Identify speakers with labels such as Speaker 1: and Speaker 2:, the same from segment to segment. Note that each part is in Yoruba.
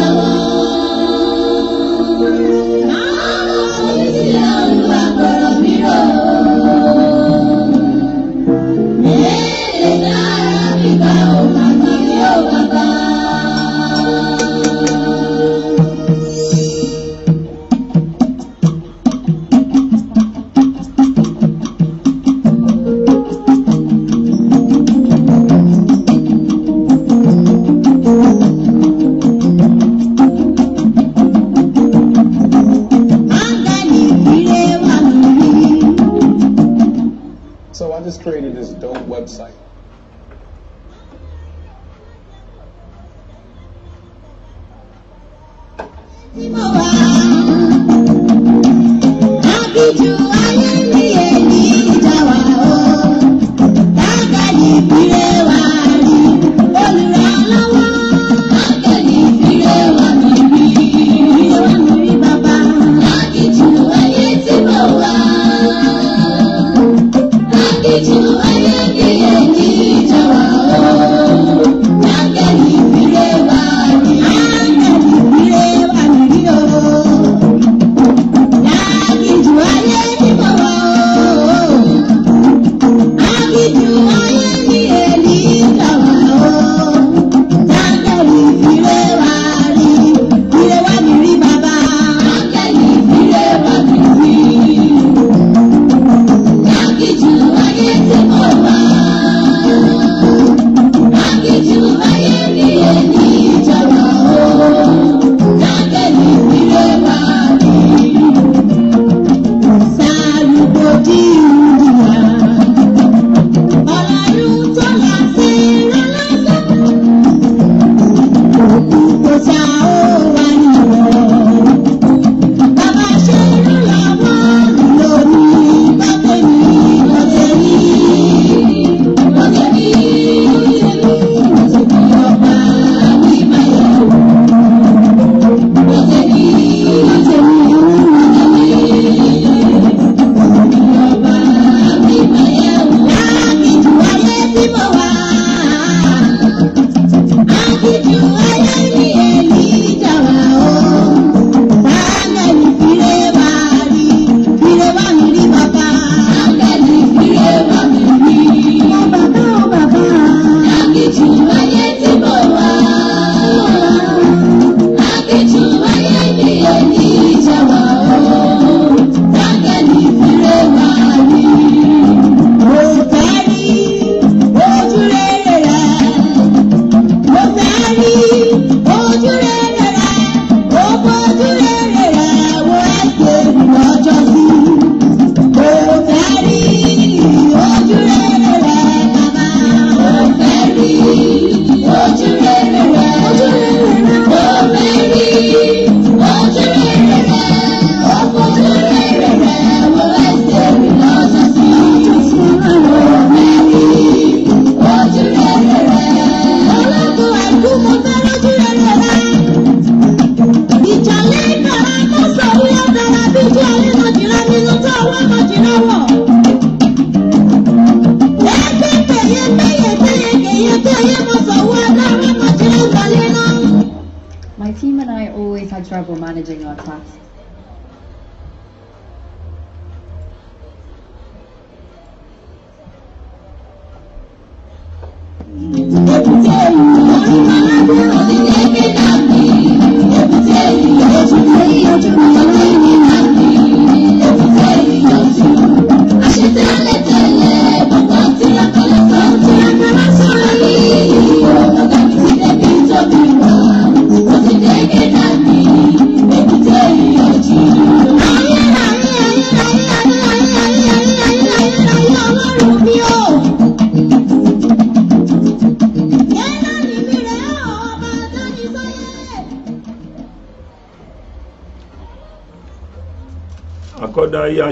Speaker 1: Senhor. Thank you.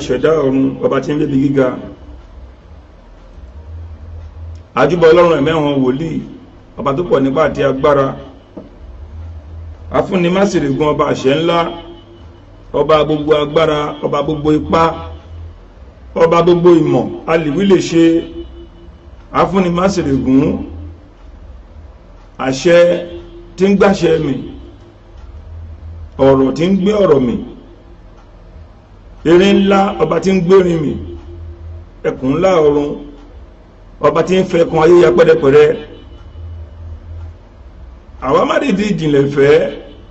Speaker 2: aṣẹ̀dá ọ̀run ọba tí ń lébi gíga àjúbọ̀ ọlọ́run ẹ̀mẹ́wọ̀n wòlíì ọba tó pọ̀ nípa àti agbára afúnni másìrègùn ọba àṣẹ ńlá ọba gbogbo agbára ọba gbogbo ipá ọba gbogbo ìmọ̀ alìwí lè ṣe afúnni másìrègùn àṣẹ tí ń gbàṣẹ mi ọ̀rọ̀ tí ń gbé ọ̀rọ̀ mi erin ńlá ọba tí ń gbérin mì ẹkùn ńlá ọ̀run ọba tí ń fẹkùn ayé ya pẹ́rẹpẹ́rẹ àwa má dìde ìjìnlẹ̀ fẹ́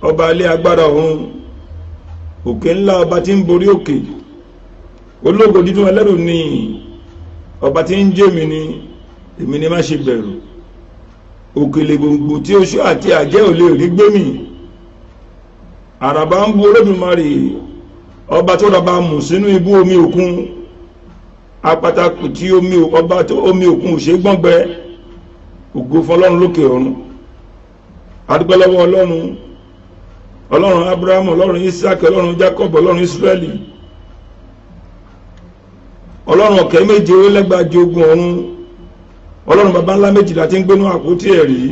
Speaker 2: ọba ilé agbára ọ̀run òkè ńlá ọba tí ń borí òkè ológo dídún ẹlẹ́rù ni ọba tí ń jẹ́ mi ni èmi ni má ṣe bẹ̀rù òkèlè gbòǹgbò tí oṣù àti àjẹ́ ò lè rí gbé mi àràbà ń bu olódùmarè ọba tó lọ́ba mù sínú ibú omi òkun apatakù tí ọba tó omi òkun ò ṣe gbọ́ngbẹ ògo fún ọlọ́run lókè ọ̀run adúgbẹ́lọ́wọ́ ọlọ́run ọlọ́run abrahamu ọlọ́run isaac ọlọ́run jacob ọlọ́run israeli ọlọ́run ọ̀kẹ́ méje ó lẹ́gbàájì ogun ọ̀run ọlọ́run baba ńlá méjìlá tí ń gbénú àpótí ẹ̀rí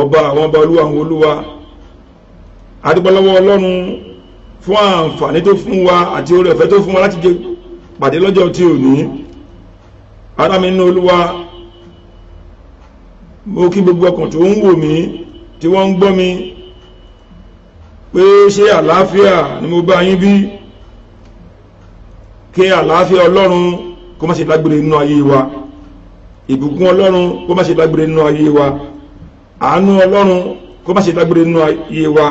Speaker 2: ọba àwọn ọba olúwa àwọn olúwa adúgbẹ́lọ́wọ́ ọlọ́run fún àǹfààní tó fún wa àti orí ọ̀fẹ́ tó fún wa láti jẹ pàdé lọ́jọ́ tí ò ní ara mi nínú olúwa mo kí gbogbo ọkàn tó ń wò mí tí wọ́n ń gbọ́ mi pé ṣé àlàáfíà ni mo bá yín bí kí àlàáfíà ọlọ́run kó má ṣe lágbèrè nínú ayé wa ìbùkún ọlọ́run kó má ṣe lágbèrè nínú ayé wa àánú ọlọ́run kó má ṣe lágbèrè nínú ayé wa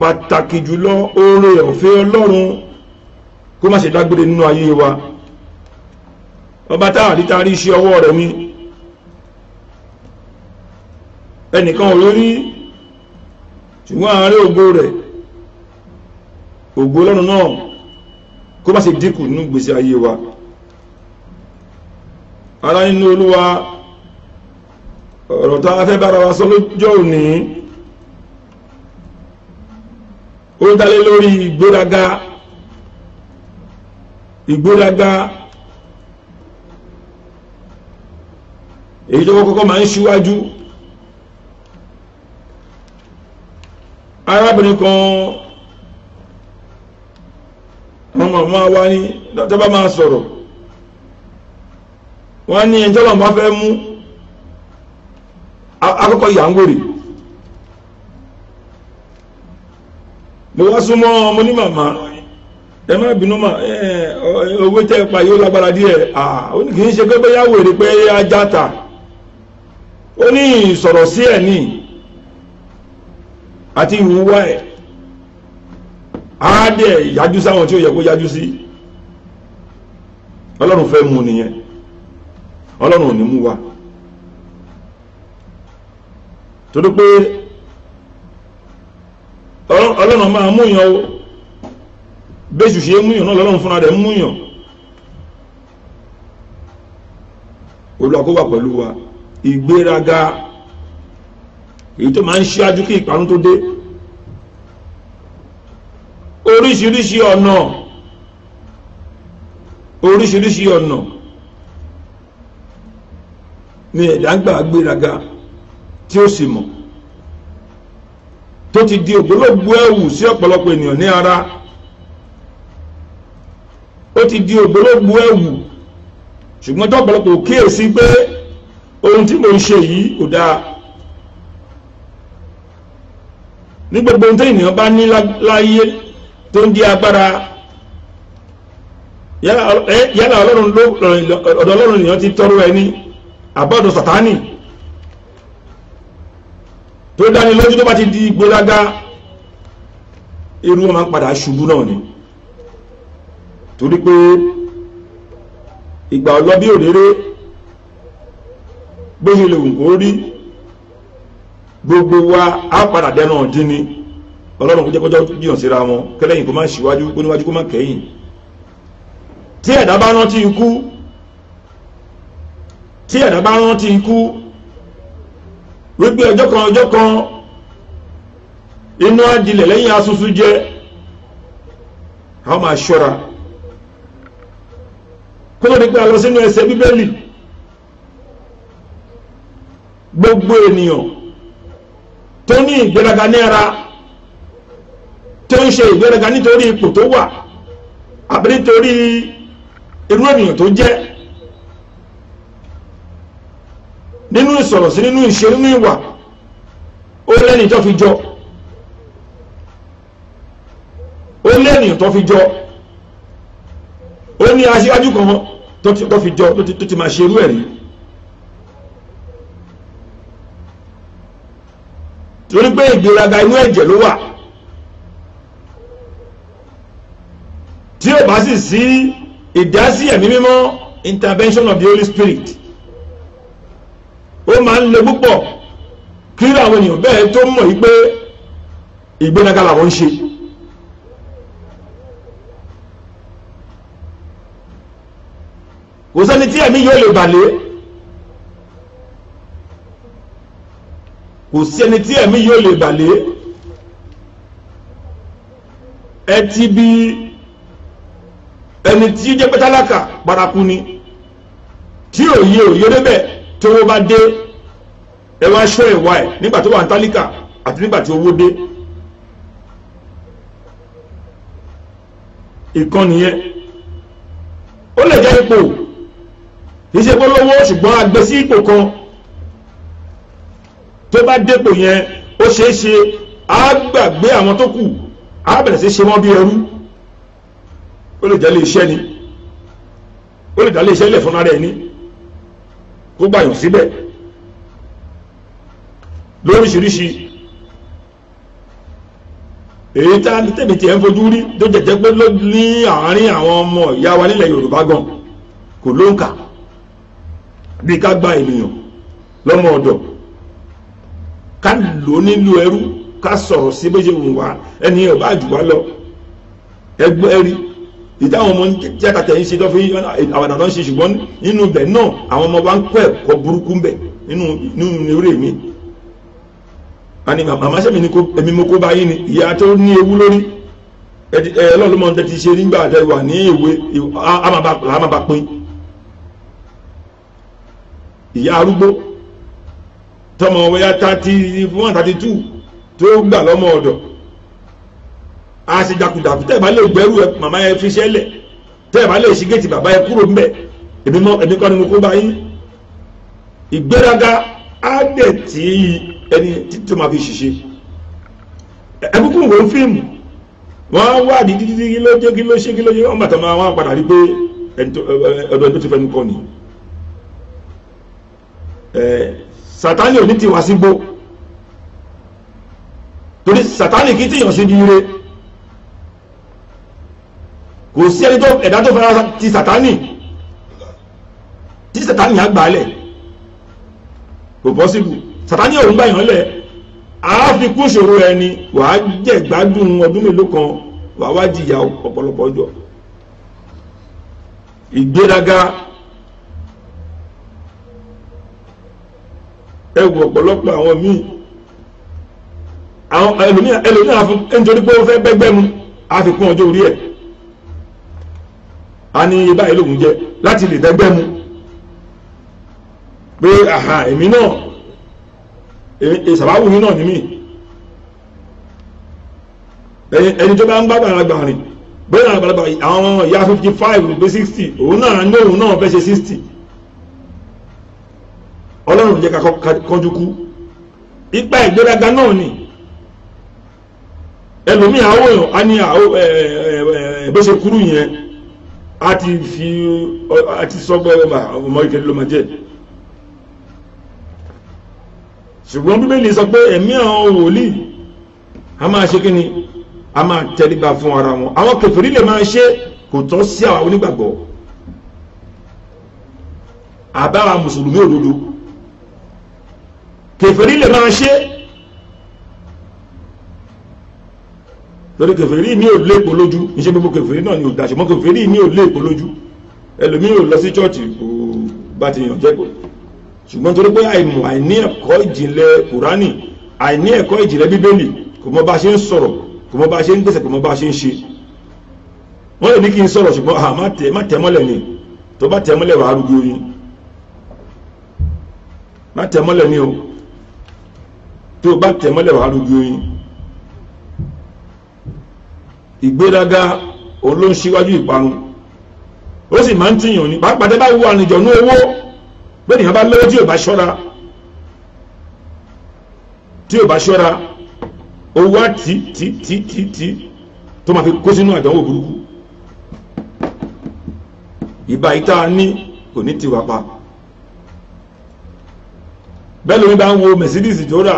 Speaker 2: pàtàkì jùlọ oore ọ̀fẹ́ ọlọ́run kó má ṣe dágbére nínú ayé wa ọba táà rí tarí iṣẹ́ ọwọ́ rẹ̀ ni ẹnìkan olórí ṣùgbọ́n àárẹ̀ ògo rẹ̀ ògo ọlọ́run náà kó má ṣe dínkù nínú gbèsè ayé wa ara nínú olúwa ọ̀rọ̀ tá a fẹ́ bára wa sọ lọ́jọ́ òní ó dálé lórí ìgbéraga ìgbéraga èyí tó kọ́kọ́ máa ń ṣíwájú arábìnrin kan wọn mọ̀ máa wá ní tọ́bá máa sọ̀rọ̀ wọ́n ní ẹjọ́ lọ́nà fẹ́ mú akọ́kọ́ ìyàngòrè mo wá súnmọ́ ọmọ ní màmá ẹ má bínú mà owó tẹ́ ẹ pa yóò lágbára díẹ̀ ó ní kì í ṣe pé bóyá wèrè pé ajá ta ó ní ìsọ̀rọ̀ sí ẹ̀ ní àti ìwúwá ẹ̀ á dẹ̀ yájú sáwọn tí ó yẹ kó yájú sí ọlọ́run fẹ́ mú nìyẹn ọlọ́run ò ní mú wa torí pé ọlọ́run máa múyàn o bẹ́sù ṣe múyàn náà lọ́lọ́run fúnra rẹ̀ múyàn olùwàkówà pẹ̀lú wa ìgbéraga èyí tó máa ń ṣíájú kí ìparun tó dé oríṣiríṣi ọ̀nà oríṣiríṣi ọ̀nà ni ẹ̀dá gbà gbéraga tí ó sì mọ̀ tó ti di ògbólógbòó ẹ̀wù sí ọ̀pọ̀lọpọ̀ ènìyàn ní ara ó ti di ògbólógbòó ẹ̀wù ṣùgbọ́n tó ọ̀pọ̀lọpọ̀ kíyèsí pé ohun tí mo ń ṣe yìí kò dáa ní gbogbo ohun tí ènìyàn bá ní láyé tó ń di agbára yálà ọlọ́run ló ọ̀dọ̀ ọlọ́run ènìyàn ti tọrọ ẹni àbọ̀dọ̀ sàtánì tó dáni lójú tó bá ti di gbólágá irú wọn máa ń padà ṣubú náà ni torí pé ìgbà ọlọ́bí òréré bó ṣe lè wù kó rí gbogbo wa á padà dẹ́nà ọ̀dín ni ọlọ́run kó jẹ́kọ́jọ́ jìnà síra wọn kẹ́lẹ́yìn kó má ṣíwájú kó níwájú kó má kẹ́yìn tí ẹ̀dá bá rántí ikú tí ẹ̀dá bá rántí ikú wípé ọjọ́ kan ọjọ́ kan inú ajílẹ̀ lẹ́yìn asusu jẹ́ a máa ṣọ́ra kó lórí pé a lọ sínú ẹsẹ̀ bíbélì gbogbo ènìyàn tó ní ìgbéraga ní ara tó ń ṣe ìgbéraga nítorí ipò tó wà àbí nítorí irú ènìyàn tó jẹ́ nínú ìsọ̀rọ̀ sí nínú ìṣe nínú ìwà ó lẹ́ni tó fi jọ ó lẹ́ni tó fi jọ ó ní aṣíwájú kan tó fi jọ tó ti máa ṣe irú ẹ̀ torí pé ìgbéraga inú ẹ̀jẹ̀ ló wà tí ó bá sì sí ìdásí ẹ̀mí mímọ́ intervention of the Holy Spirit ó máa ń le púpọ̀ kí àwọn èèyàn bẹ́ẹ̀ tó mọ̀ yí pé ìgbéraga làwọn ń ṣe. kò sẹ́ni tí ẹ̀mí yóò lè bàlẹ́ kò sẹ́ni tí ẹ̀mí yóò lè bàlẹ́ ẹ ti bí ẹni tí jẹ́ pẹ́tálákà paraku ni tí òye òye débẹ̀ tó wọ́n bá dé ẹ wá ṣọ́ ẹ̀wà ẹ̀ nígbà tó wà ní tálíkà àti nígbà tí owó dé ìkan nìyẹn ó lè jẹ́ ipò kì í ṣe polówó ṣùgbọ́n agbé sí ipò kan tó bá dépò yẹn ó ṣeé ṣe á gbàgbé àwọn tó kù á bẹ̀rẹ̀ sí ṣe wọ́n bí ẹrú ó lè jẹ́ lè iṣẹ́ ni ó lè dá lè iṣẹ́ lẹ̀ fúnra rẹ̀ ni kó gbàyàn síbẹ̀ lóríṣiríṣi èyí tá tèmi tiẹ̀ ń fojú rí tó jẹ̀jẹ̀ pé ló ní àárín àwọn ọmọ ìyá wa nílẹ̀ Yorùbá gan kò lóǹkà bí ká gba ènìyàn lọ́mọ ọ̀dọ̀ ká lò nílò ẹrú ká sọ̀rọ̀ sí bó ṣe wù wá ẹni ọba àjùwá lọ ẹgbẹ́ rí ìdáwọn ọmọ tíátà tẹ̀ ń ṣe tó fi àwàdà tó ń ṣe ṣùgbọ́n nínú ibẹ̀ náà àwọn ọmọ bá ń kọ́ ẹ̀kọ́ burúkú ń bẹ̀ nínú eré mi àní màmá sẹ́mi ni èmi mo kó bá yín ni ìyá tó ní ewu lórí ẹlọ́ọ̀lọ́mọ tẹ ti ṣe nígbà tẹ wà ní ìwé àmàbà pín ìyá arúgbó tọmọ wẹ́yà thirty one thirty two tó gbà lọ́mọ ọ̀dọ̀ a ṣe jakujaku tẹ́ ẹ̀ bá lè gbẹ́rù ẹ màmá ẹ fi ṣẹ́lẹ̀ tẹ́ ẹ̀ bá lè ṣí géètì bàbá ẹ kúrò ńbẹ̀ èmi mọ èmi kọ́ ni mo kó bá yín ìgbéraga á dẹ̀ tí ẹni títí máa fi ṣiṣẹ́ ẹkúkú wo fíìmù wọ́n wá di títí kí ló jẹ́ kí ló ṣe kí ló ṣe wọ́n bàtà máa wọ́n rí pé ọ̀dọ̀ ẹni tó ti fẹnu kọ́ ni sátánì ò ní ti wá sígbó torí sátánì kì í tìyàn sí ibi ire kò sí ẹni tó ẹ̀dá tó fẹ́ràn ti sàtánì tí sàtánì á gbà á lẹ̀ kò pọ́sibù sàtánì òun gbà yàn lẹ̀ àáfikún ìṣòro ẹni wàá jẹ́ ìgbádùn ọdún mélòó kan wàá wá jìyà ọ̀pọ̀lọpọ̀ ọjọ́ ìgbéraga ẹwù ọ̀pọ̀lọpọ̀ àwọn míì àwọn ẹlòmíà ẹlòmíà nítorí pé fẹ́ bẹ́gbẹ́ mu àfikún ọjọ́ orí ẹ̀ a ní iye báyìí lòun jẹ láti lè dẹ́gbẹ́ mu pé àhà èmi náà ìsàbáwù mi náà ní mí ẹni tó bá ń bá gbàlagbà rìn bóyá àgbàlagbà àwọn ìyá fifty five ló gbé sixty òun náà ní òun náà fẹ́ ṣe sixty ọlọ́run jẹ́ ká kọjú kú ipa ìgbéraga náà ni ẹlòmíì àwọn èèyàn á ní bó ṣe kúrú yẹn a ti fi a ti sọgbọ ọmọ ọmọ ìkẹlẹ ló ma jẹ ṣùgbọ́n bíbélì sọ pé ẹ̀mí àwọn wòlíì a máa ṣe kí ni a máa tẹríba fún ara wọn àwọn kèfèrí lè máa ṣe kò tọ́ sí àwọn onígbàgbọ́ àbára mùsùlùmí òdodo kèfèrí lè máa ṣe lórí kèfèrí ní òlé èpò lójú iṣẹ́ gbogbo kèfèrí náà ni ò dáṣe mọ́ kèfèrí ní òlé èpò lójú ẹlòmíì ò lọ sí chọ́ọ̀chì kò bá ti yàn jẹ́ pé ṣùgbọ́n torí pé àìmọ̀ àìní ẹ̀kọ́ ìjìnlẹ̀ kùránì àìní ẹ̀kọ́ ìjìnlẹ̀ bíbélì kò mọ bá ṣe ń sọ̀rọ̀ kò mọ bá ṣe ń gbèsè kò mọ bá ṣe ń ṣe wọ́n lè ní kí n sọ̀rọ̀ ṣùgbọ́n ah, ni tó bá ni o tó bá tẹ̀ mọ́lẹ̀ wàá rúgbó yín ìgbéraga òun ló ń ṣíwájú ìparun ó sì máa ń tìyàn ní pàápàá tẹ́ bá wo àrìnjọ̀nú owó pé nìyàn bá lówó tí ò bá ṣọ́ra tí ò bá ṣọ́ra owó á tí tí tí tí tí tó máa fi kó sínú àdánwò burúkú ìbá ìta ní kò ní tiwa pa bẹ́ẹ̀ lómi bá ń wo Mercedes jọ́ra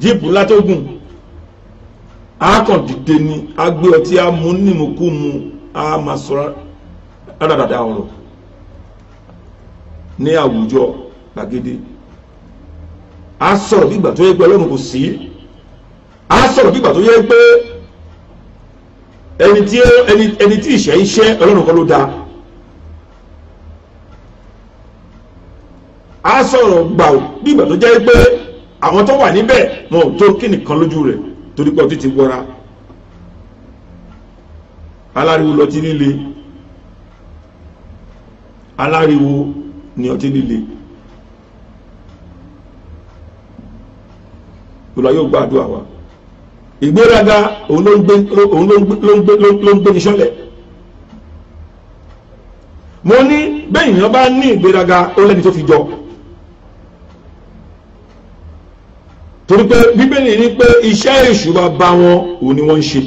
Speaker 2: jíìpù látọ́gùn a kàn dìde ni a gbé ọtí a mú nímukú mu a máa sọ rádàdàdà ọ̀rọ̀ ní àwùjọ gbàgede a sọ̀rọ̀ bí ìgbà tó yẹ pé ọlọ́run kò sí a sọ̀rọ̀ bí ìgbà tó yẹ pé ẹni tí ẹni tí ìṣẹ́ iṣẹ́ ọlọ́run kan ló dáa a sọ̀rọ̀ gbàù bí ìgbà tó jẹ́ pé àwọn tó wà níbẹ̀ wọn ò tó kí nìkan lójú rẹ̀ torí pé ọtí ti wọra aláriwo lọtí líle aláriwo ni ọtí líle olùwà yóò gbàdúrà wa ìgbéraga òun ló ń gbé ní sọ́lẹ̀ mo ní bẹ́ẹ̀ èèyàn bá ní ìgbéraga ó lẹ́ni tó fi jọ torí pé bíbélì ní pé iṣẹ́ èṣù bàbá wọn òun ni wọ́n ń ṣe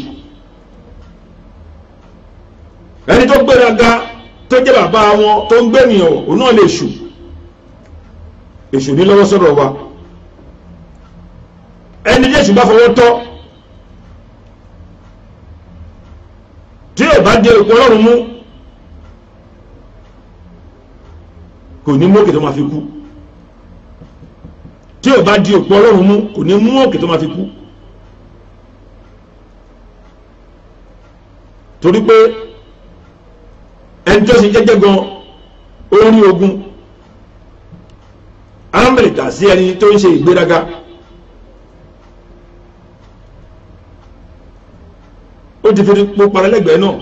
Speaker 2: ẹni tó gbéraga tó jẹ́ bàbá wọn tó ń gbẹ̀mìyàn òun náà lè ṣù èṣù ní lọ́wọ́ sọ̀rọ̀ wa ẹni jésù bá fọwọ́ tọ́ tí yóò bá dé òkú ọlọ́run mú kò ní mókè tó máa fi kú tí o bá di òpó ọlọ́run mú kò ní mú òkè tó máa fi kú torí pé ẹni tó ṣe jẹ́jẹ́ gan orí ogun amẹ́ríkà sí ẹni tó ń ṣe ìgbéraga ó ti fi pó paralẹ́gbẹ̀ẹ́ náà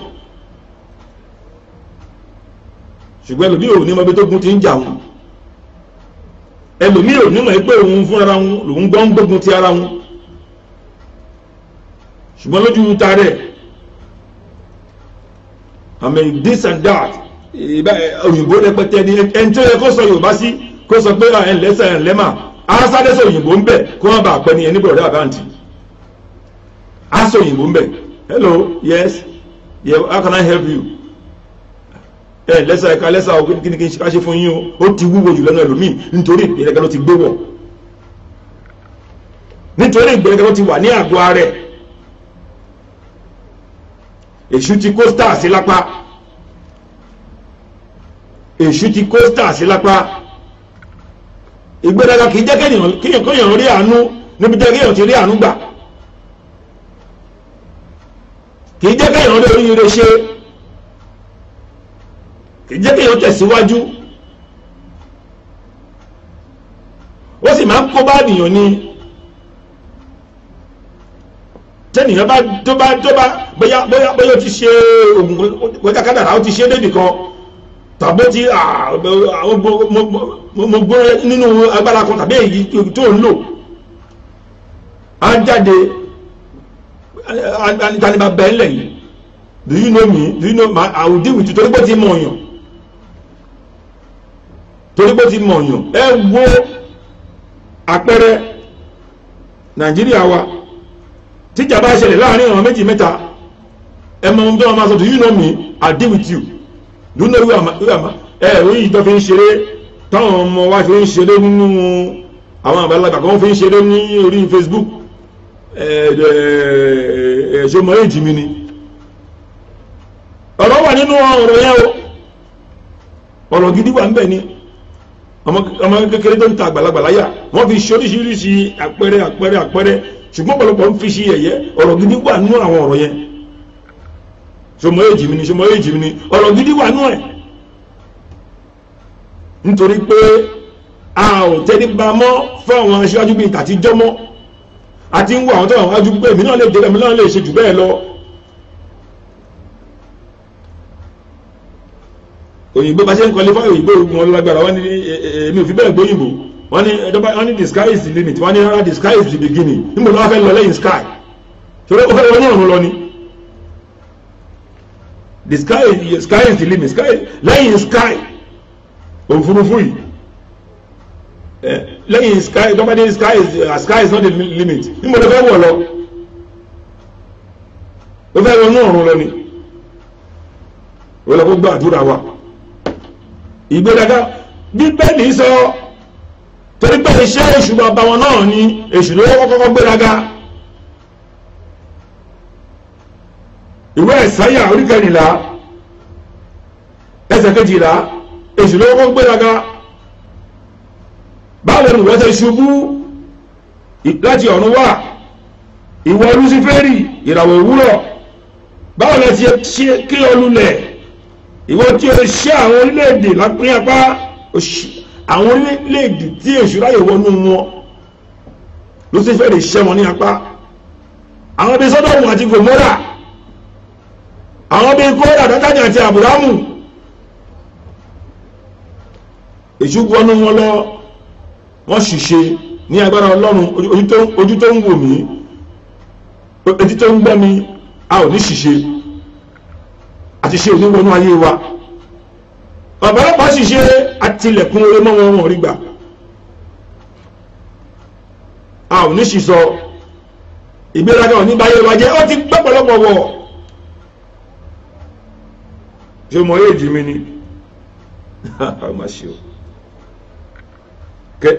Speaker 2: ṣùgbọ́n ẹlòmíì ò ní mọ ibi tó gun ti ń jà wọn ẹlòmíì ò nímọ̀ pé òun fún wọn lòun gbọ́n gbógun ti ara wọn ṣùgbọ́n lójú ta rẹ̀ I mean this and that òyìnbó rẹpẹtẹ ni ẹni tó yẹ kó sọ Yorùbá sí kó sọ pé ẹ̀ lẹ́sẹ̀ ẹ̀ lẹ́mà asáré òyìnbó ń bẹ̀ kó wọ́n bá pẹ́ ni ẹni bọ̀rẹ̀ àbáǹtì asọ òyìnbó ń bẹ̀ hello yes yeah, how can I help you ẹ eh, lẹ́sà ẹ̀ka lẹ́sà ọ̀gbìn kí ni kí n ṣe fún yín o ó ti wúwo jù lọ́nà ẹlòmíì nítorí ìgbéraga ló ti gbé wọ̀ nítorí ìgbéraga ló ti wà ní àgọ́ ara ẹ̀ èṣù ti kó star sí lápá èṣù ti kó star sí lápá ìgbéraga kì í jẹ́ kéèyàn kéèyàn rí àánú níbi jẹ́ kéèyàn ti rí àánú gbà kì í jẹ́ kéèyàn rí oríire ṣe kì í jẹ́ tẹ̀síwájú ó sì máa ń kó bá nìyàn ni tẹ́nìyàn bá tó bá bóyá bóyá bóyá ó ti ṣe oògùn bóyá kádàrá ti ṣe débì kan tàbí ti mo gbọ́ nínú agbára kan tàbí èyí tó ń lò á jáde ìdánimá bẹ́ẹ̀ lẹ́yìn do you know me do you know my i will deal with you torí pé ti mọ̀ torí pé ti mọ̀yàn ẹ wo àpẹẹrẹ nàìjíríà wa tíjà bá ṣẹlẹ̀ láàrin àwọn méjì mẹ́ta ẹ mọ ohun tó wọn máa sọ do you know me I deal with you you know who am I ẹ oyin tó fi ń ṣeré wa fi ń ṣeré nínú àwọn kan fi ń ṣeré Facebook ni ọ̀rọ̀ wà nínú gidi wà ń ọmọ kékeré tó ń ta àgbàlagbà láyà wọ́n fi ṣe oríṣiríṣi àpẹẹrẹ àpẹẹrẹ àpẹẹrẹ ṣùgbọ́n ọ̀pọ̀lọpọ̀ ń fi ṣe yẹ̀yẹ́ ọ̀rọ̀ gidi wà nínú àwọn ọ̀rọ̀ yẹn ṣọmọ èjì mi ni ṣọmọ èjì mi ni ọ̀rọ̀ gidi wà nínú ẹ̀ nítorí pé a ò tẹríba mọ́ fún àwọn aṣáájú bíi tàtijọ́ mọ́ àti ń wo àwọn tó àwọn aṣáájú pé èmi náà lè dé èmi náà lè ṣe jù bẹ́ẹ̀ lọ Oyinbo, bá ṣe ń kọ́lé fáwọn òyìnbó wọn lágbára wọn ní èmi eh, eh, eh, ò fi bẹ́ẹ̀ gbóyìnbó wọn ní ẹjọba wọn ní the sky is the limit wọn ní rárá the sky is the beginning níbo lọ́wọ́ fẹ́ lọ lẹ́yìn sky ṣòro ó fẹ́ wọn ní ọ̀run lọ ni the sky sky is the limit sky lẹ́yìn sky òfurufú yìí lẹ́yìn sky ìjọba dé sky is uh, sky is not the limit níbo lọ́wọ́ fẹ́ wọ̀ lọ ó fẹ́ wọn ní ọ̀run lọ ni wọ́n lọ kó gbàdúrà wa ìgbéraga bíbélì sọ torí pé iṣẹ́ èṣù bàbá wọn náà ni èṣù ló kọ́kọ́ gbéraga ìwé ẹ̀sáyà orí kẹrìnlá ẹsẹ̀ kejìlá èṣù ló kọ́kọ́ gbéraga báwo ni ìwé ṣe ṣubú láti ọ̀run wá ìwọ Lúsíférì ìràwọ̀ òwúrọ̀ báwo lẹ ti ṣe kí ọ lulẹ̀ ìwọ tí o ṣe àwọn orílẹ̀-èdè lápẹ́ apá àwọn orílẹ̀-èdè tí èṣù ráyè wọnú wọn ló sì fẹ́ lè ṣẹ́ wọn ní apá àwọn bíi Sódómù àti Gòmórà àwọn bíi Kórà Dátánì àti Àbúrámù èṣù wọnú wọn lọ wọ́n ṣìṣe ní agbára Ọlọ́run ojú tó ń wò mí ojú tó ń gbọ́ mi a ò ní ṣìṣe àti ṣe oníwọnú ayé wa ọ̀pọ̀lọpọ̀ sì ṣe àtìlẹ̀kùn orí mọ́ wọn rí gbà a ò ní ṣìṣọ ìgbéraga ò ní báyé wa jẹ́ ó ti gbọ́pọ̀lọpọ̀ wọ̀ ṣe mọ̀ éèdì mi ni ọmọ ṣe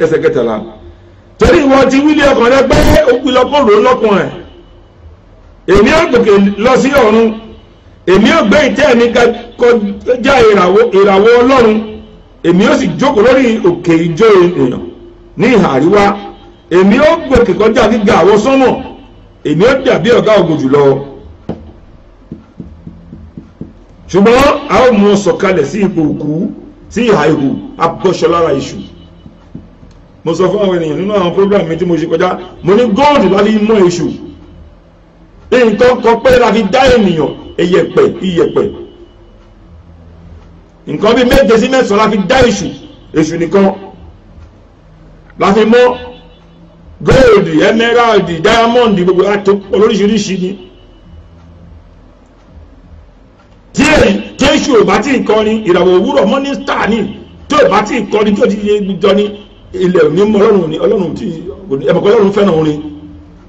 Speaker 2: o ẹsẹ̀ kẹtàlá torí ìwọ ti wílé ọkàn rẹ pé ó pilọ́pọ̀ rò èmi àgbègbè lọ sí ọ̀run èmi ò gbé ìtẹ́ mi kọjá ìràwọ̀ ọlọ́run èmi ò sì jókòó lórí òkè ìjọ èèyàn ní ìhà àríwá èmi ò gòkè kọjá gíga àwọn sánmọ̀ èmi ò dàbí ọ̀gá ògo jùlọ ṣùgbọ́n a ó mú sọ̀kalẹ̀ sí ipò òkú sí ìhà ihò abọ́ṣọlára iṣu mo sọ fún àwọn ènìyàn nínú àwọn program mi tí mo ṣe kọjá mo ní góòlù láti mọ iṣu nǹkan kan pé láti dá ènìyàn eyẹ̀pẹ̀ iyẹ̀pẹ̀ nǹkan bíi méje sí mẹ́sàn-án la fi dá èṣù èṣù nìkan la fi mọ́ gold emerald diamond gbogbo olóríṣiríṣi ni díẹ̀ tí èṣù ò bá tí ì kọrin ìràwọ̀ òwúrọ̀ morning ni tí ò bá tí ì kọrin tí ò ti yé jọ ni ilẹ̀ òní mọ ọlọ́run ní ọlọ́run tí ẹ̀mọ̀kọ́ ọlọ́run fẹ́ràn orin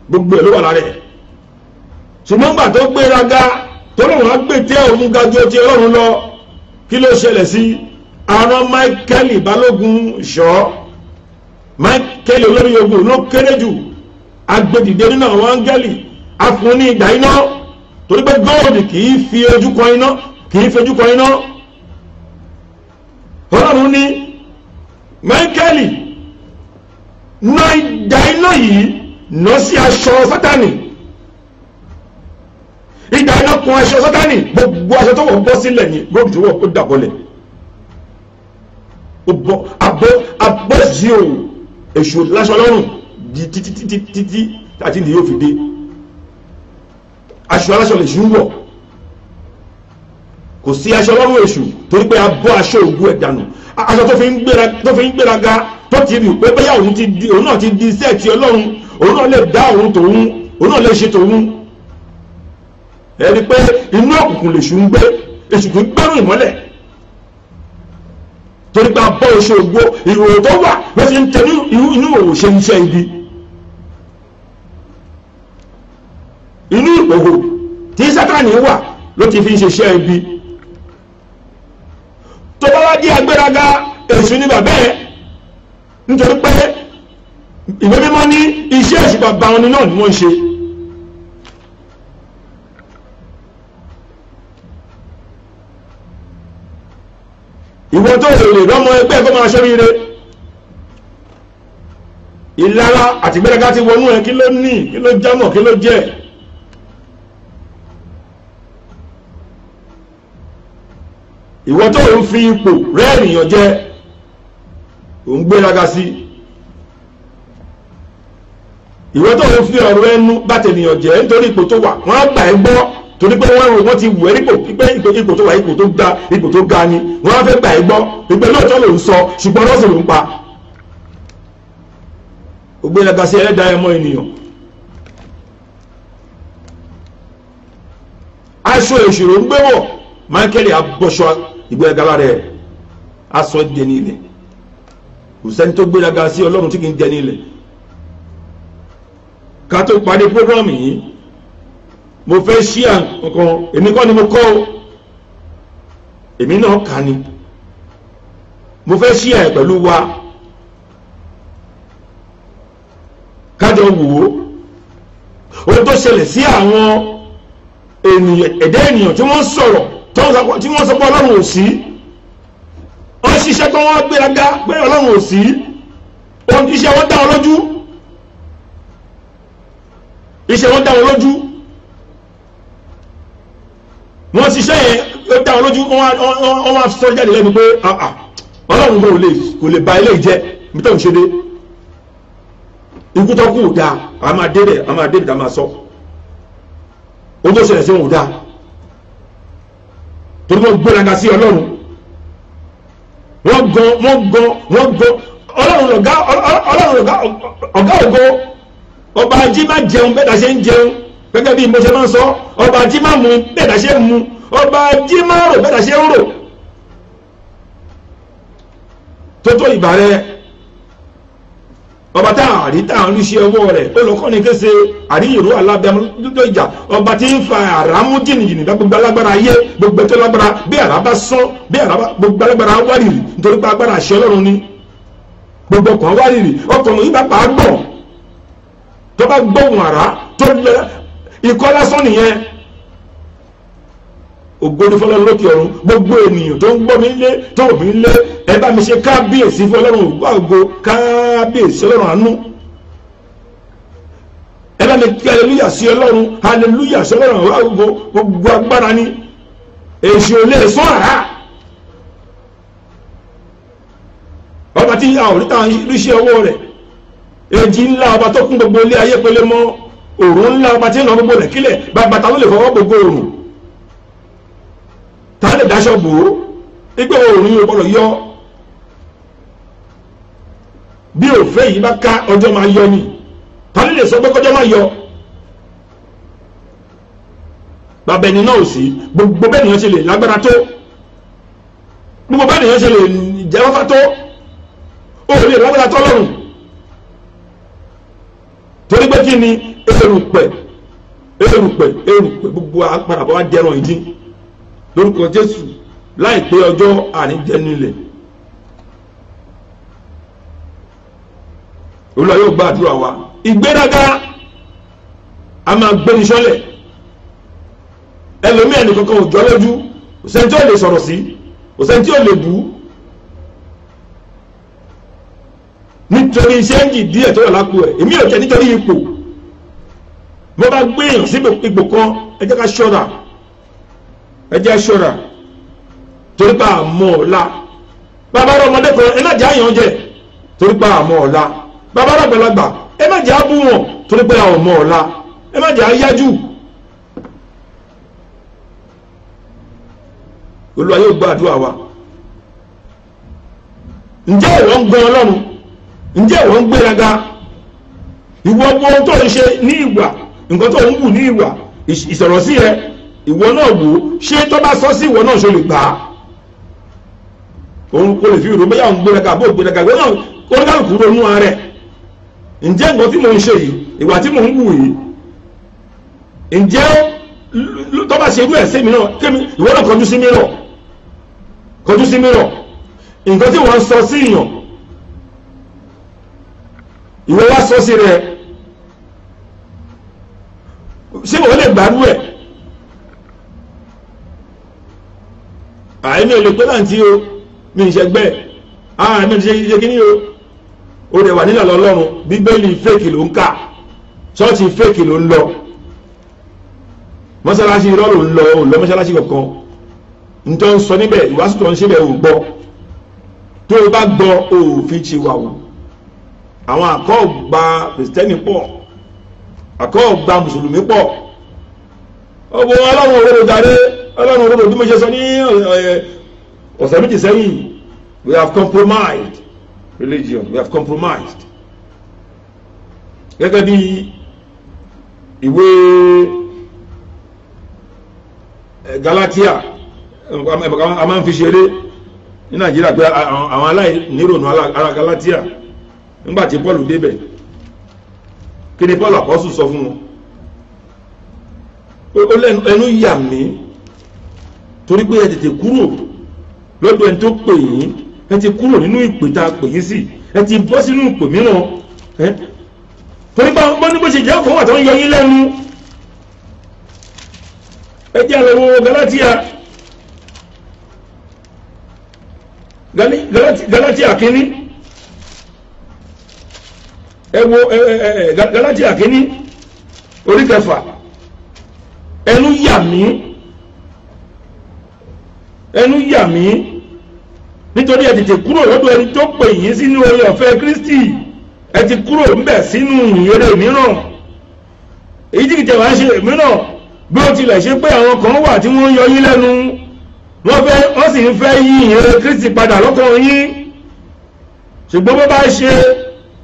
Speaker 2: gbogbo ẹ̀ ló wà lára ẹ̀ ṣùgbọ́n gbà tó gbéraga tọ́lọ́wọ́n á gbé tí àwọn múga ju ti ọlọ́run lọ kí ló ṣẹlẹ̀ sí àrùn Michael Balógun ṣọ́ Michael olórí ogun ló kéré jù agbẹ́dìde nínú àwọn áńgẹ́lì afun ní ìgbà iná torí pé góòdì kì í fi ojú kan iná kì í fojú kan iná ọlọ́run ní Michael náà ìgbà iná yìí ná sí aṣọ sátani okùn aṣọ sátánì gbogbo aṣọ tó wọ̀ bọ́ sílẹ̀ ni róòbù tó wọ̀ ó dàbọ̀lẹ̀ abọ́ abọ́ sí o èṣù láṣọ lọ́rùn di títí títí títí àti ní yóò fi dé aṣọ aláṣọ lè ṣù wọ̀ kò sí aṣọ lọ́rùn èṣù torí pé abọ́ aṣọ ògùn ẹ̀ dànù aṣọ tó fi ń gbéraga tó ti rí pé bẹ́yà òun náà ti di iṣẹ́ ọlọ́run òun náà lè dá òun tòun òun náà lè ṣe tòun ẹni pé inú òkùnkùn lèṣù ń gbé èṣù kì í gbẹ́rù ìmọ́lẹ̀ torí pé abọ́ oṣù ògbó ìròyìn tó wà ló fi ń tẹ inú òwò ṣe iṣẹ́ ibi inú ìgbòho tí sátani wà ló ti fi ń ṣiṣẹ́ ibi tó bá wá di agbéraga èṣù ní bàbá ẹ nítorí pé ìwé mímọ́ ní iṣẹ́ èṣù bàbá wọn ni náà ni wọ́n ń ṣe. ìwọ tó lè lọ́mọ ẹgbẹ́ kó máa ṣoríire ìlara àti gbẹ́rẹ́gá ti wọnú ẹ kí ló ní kí ló jámọ̀ kí ló jẹ́ ìwọ tó ń fi ipò rẹ́rìnyàn jẹ́ ò ń gbéraga sí ìwọ tó ń fi ọ̀rọ̀ ẹnu bá tènìyàn jẹ́ nítorí ipò tó wà wọ́n gbà ẹ́ gbọ́ torí pé wọ́n rò wọ́n ti wù ẹ́ nípò pípẹ́ ipò tó wà ipò tó ga ipò tó ga ni wọ́n á fẹ́ gbà ẹ́ gbọ́ pípẹ́ lóòótọ́ ló ń sọ ṣùgbọ́n lọ́sùn ló ń pa ògbéraga sí ẹlẹ́dàá ẹmọ ènìyàn aṣọ ìṣòro ń gbéwọ̀ michael abọ́ṣọ ìgbéraga lára ẹ̀ aṣọ dẹni ilẹ̀ kò sẹ́ni tó gbéraga sí ọlọ́run tí kì í dẹni ilẹ̀ ká tó parí prógrámù yìí mo fẹ́ ṣíà kankan èmi kọ́ ni mo kọ́ o èmi náà kà ni mo fẹ́ ṣíà ẹ̀ pẹ̀lú wa kájọ wò ó ohun tó ṣẹlẹ̀ sí àwọn ènìyàn ẹ̀dá ènìyàn tí wọ́n sọ̀rọ̀ tí wọ́n sọ pé ọlọ́run ò sí wọ́n ṣiṣẹ́ tó wọ́n gbéraga pé ọlọ́run ò sí ohun iṣẹ́ wọn dá wọn lójú iṣẹ́ wọn dá wọn lójú wọ́n ṣiṣẹ́ yẹn ó dá wọn lójú wọ́n wá sọ jáde lẹ́nu pé ah, ah, ọlọ́run bò kò lè ba ilé jẹ́ mi tó ń ṣe dé ikú tó kù dá a máa dé bẹ̀ a máa dé bẹ̀ tá a máa sọ ojú ṣẹlẹ̀ sí wọn ò dá torí wọ́n gbéraga sí ọlọ́run wọ́n gan wọ́n gan wọ́n gan ọlọ́run lọ̀gá ọlọ́run lọ̀gá ọ̀gá ògo ọba ajé má jẹun bẹ́ẹ̀ ta ṣe ń jẹun gẹ́gẹ́ bí mo ṣe máa ń sọ ọba tí máa mú bẹ́ẹ̀dá ṣe mú ọba tí máa rò bẹ́ẹ̀dá ṣe ń rò tótó ìgbà rẹ ọba tá àrí tá à ń ṣe ọwọ́ rẹ̀ olùkọ́ni kése àríyìnrú alábẹ́mọ́lódó ìjà ọba tí ń fa àrámú jìnnìjìnnì gbogbo alágbára ayé gbogbo tó lágbára bí àrá sán bí àrá gbogbo alágbára wárìrì nítorí pé agbára àṣẹ ọlọ́run ni gbogbo ọkàn wárìrì ọkàn yìí bá pa á gbọ̀n tó àrá tó ikọ́ lásán nìyẹn ògbóni fọlọ́run lókè ọ̀run gbogbo ènìyàn tó ń gbọ́ mi lé tó mi lé ẹ bá mi ṣe kábíyèsí fọlọ́run ògbó kábíyèsí ọlọ́run àánú ẹ bá mi kí aleluya sí ọlọ́run aleluya sí ọlọ́run ògbó gbogbo agbára ni èsì ò lè sọ àá ọba tí a ò rí ta ríṣẹ́ ọwọ́ rẹ̀ èjì ńlá ọba tó kún gbogbo ilé ayé pẹ̀lẹ́ mọ́ òrùn ńlá ọba tí ń lọ gbogbo rẹ̀ kílẹ̀ gbàgbà ta ló lè fọwọ́ gbogbo òrùn ta lè dáṣọ bò ó igbó òrùn yìí ò gbọdọ̀ yọ bí òfé yìí bá ká ọjọ́ máa yọ ni ta ló lè sọ pé kọjọ́ máa yọ bàbá ẹni náà ò sí gbogbo bẹ́ẹ̀ nìyẹn ṣe lè lágbára tó gbogbo bẹ́ẹ̀ nìyẹn ṣe lè jẹ́wọ́fà tó òòlù ìlágbára tó lọ́rùn torí pé kí ni erùpẹ̀ erùpẹ̀ erùpẹ̀ gbogbo apàdà bá wá dẹran ìdí lórúkọ Jésù láìpẹ́ ọjọ́ àníjẹnilẹ̀ Olúwa yóò gba àdúrà wa ìgbéraga a máa gbéni sọ́lẹ̀ ẹlòmíì ẹnìkankan ò jọ lójú kò sẹ́ni tí ò lè sọ̀rọ̀ sí kò sẹ́ni tí ò lè bú nítorí iṣẹ́ ń jì díẹ̀ tó wà lápò ẹ̀ èmi ò jẹ́ nítorí ipò bó bá gbé èèyàn sí ipò kan ẹ ká ṣọ́ra ẹ ṣọ́ra torí pa àmọ́ ọ̀la bàbá rẹ kan ẹ má jẹ́ àyàn jẹ torí pa àmọ́ ọ̀la bàbá rẹ àgbàlagbà ẹ má jẹ́ àbú wọn torí ọ̀la ẹ má jẹ́ àyájú yóò wa ǹjẹ́ ìwọ ń Ọlọ́run ǹjẹ́ ìwọ ń gbéraga ìwọ tó ń ṣe nǹkan tó ń wù ní ìwà ìsọ̀rọ̀ sí ẹ ìwọ náà wò ó ṣé tó bá sọ sí ìwọ náà ṣe lè gbà á òun kò lè fi rò bóyá òun gbéra ká bó gbéra ká ìwọ náà oníkàlùkù ronú ara ẹ ǹjẹ́ nǹkan tí mò ń ṣe yìí ìwà tí mò ń wù yìí ǹjẹ́ tó bá ṣe irú ẹ̀ sí mi náà kémi ìwọ náà kọjú sí mi rọ̀ kọjú sí mi rọ̀ nǹkan tí wọ́n sọ sí ìyàn ìwọ wá sọ sí rẹ̀ ṣé wọ́n lè gbárù ẹ̀ àìmí olè pé láǹtí o mi ìṣẹ́gbẹ́ àìmí ah, ìṣe ìṣe kí ni o ó rẹ̀ wà nílò lọ́lọ́run bíbélì fèkì ló ń kà ṣọ́ọ̀ṣì fèkì ló ń lọ mọ́ṣáláṣí irọ́ ló ń lọ ò lọ mọ́ṣáláṣí kankan ntọ́ ń sọ tó o bá gbọ́ ò fi ṣe wà wò àwọn àkọ́ gba kìrìsìtẹ́nì pọ̀ akọ gba mùsùlùmí pọ ọgbọ́n ọlọ́run òróró jáde ọlọ́run òróró bí mo ṣe sọ ní ọ̀sẹ̀ méjì sẹ́yìn we have compromised religion we have compromised gẹ́gẹ́ bí ìwé Galatia a máa ń fi ṣeré ní Nàìjíríà pé àwọn aláìnírònú ara Galatia nígbàtí Paul débẹ̀ kí ni Paul apọ́sù sọ fún wọn ó lẹ́nu ẹnu yà mí torí pé ẹ tètè kúrò lọ́dọ̀ ẹni tó pè yín ẹ ti kúrò nínú ìpè tá a pè yín sí ẹ ti bọ́ sínú ìpè mìíràn ẹ torí pé àwọn bọ́ni bó ṣe jẹ́ ọkọ̀ wà tó ń yọ yín lẹ́nu ẹ jẹ́ àlọ́ wo Galatia Galatia kínní ẹ wo Galatia kínní orí kẹfà ẹnu yà mí ẹnu yà mí nítorí ẹ tètè kúrò lọ́dọ̀ ẹni tó pè yín sínú oore ọ̀fẹ́ Kristi ẹ ti kúrò ńbẹ̀ sínú ìyẹrẹ mìíràn èyí tí kìtẹ̀ wá ṣe mìíràn bí ó tilẹ̀ ṣe pé àwọn kan wà tí wọ́n yọ yín lẹ́nu wọ́n fẹ́ wọ́n sì ń fẹ́ yí ìyẹrẹ Kristi padà lọ́kàn yín ṣùgbọ́n bó bá ṣe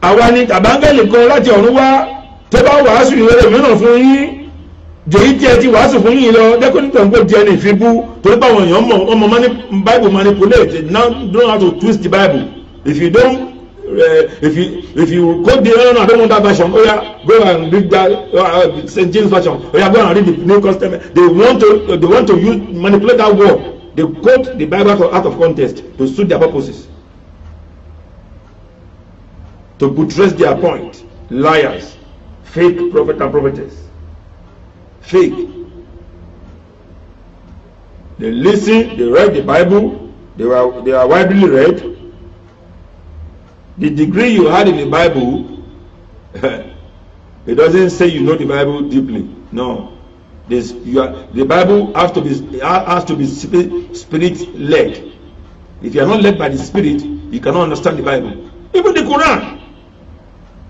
Speaker 2: àwa ni tàbáńgẹ́lì kan láti ọ̀run wá tó bá wàásù ìrere mìíràn fún yín jòyí tí ẹ ti wàásù fún yín lọ dẹ́kun nítorí pé díẹ̀ ní ìfibú torí pé àwọn èèyàn mọ̀ ọmọ bible manipulate now don't have to twist the bible if you don't uh, if you if you go the no no I don't want that version oya go and read that uh, St James version oya go and read the New Testament they want to they want to use manipulate that word they quote the bible out of context to suit their purposes to buttress their point liars fake prophet and prophetess fake they listen they read the bible they were they are widely read the degree you had in the bible it doesn't say you know the bible deeply no this you are the bible has to be has to be spirit led if you are not led by the spirit you cannot understand the bible even the quran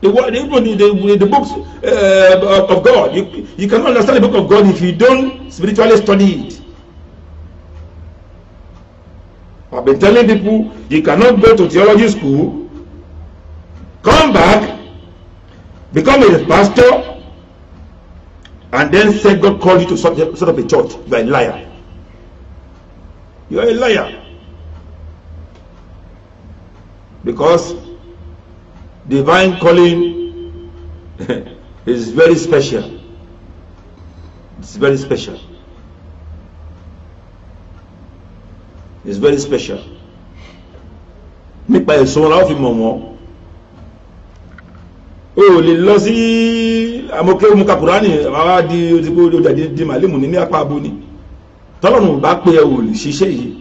Speaker 2: The, the, the, the books uh, of God. You, you cannot understand the book of God if you don't spiritually study it. I've been telling people you cannot go to theology school, come back, become a pastor, and then say God called you to sort of, a church. You are a liar. You are a liar. Because divine calling is very special. It's very special. It's very special. Nípa èso wọn la ó fi mọ̀ wọ́n. O ò lè lọ sí amókè mú kakùránì àwa di òdìgbò òdàdì di màlímù ní ní apá abo ni. Tọ́lọ́run bá pé ẹ ò lè ṣiṣẹ́ yìí.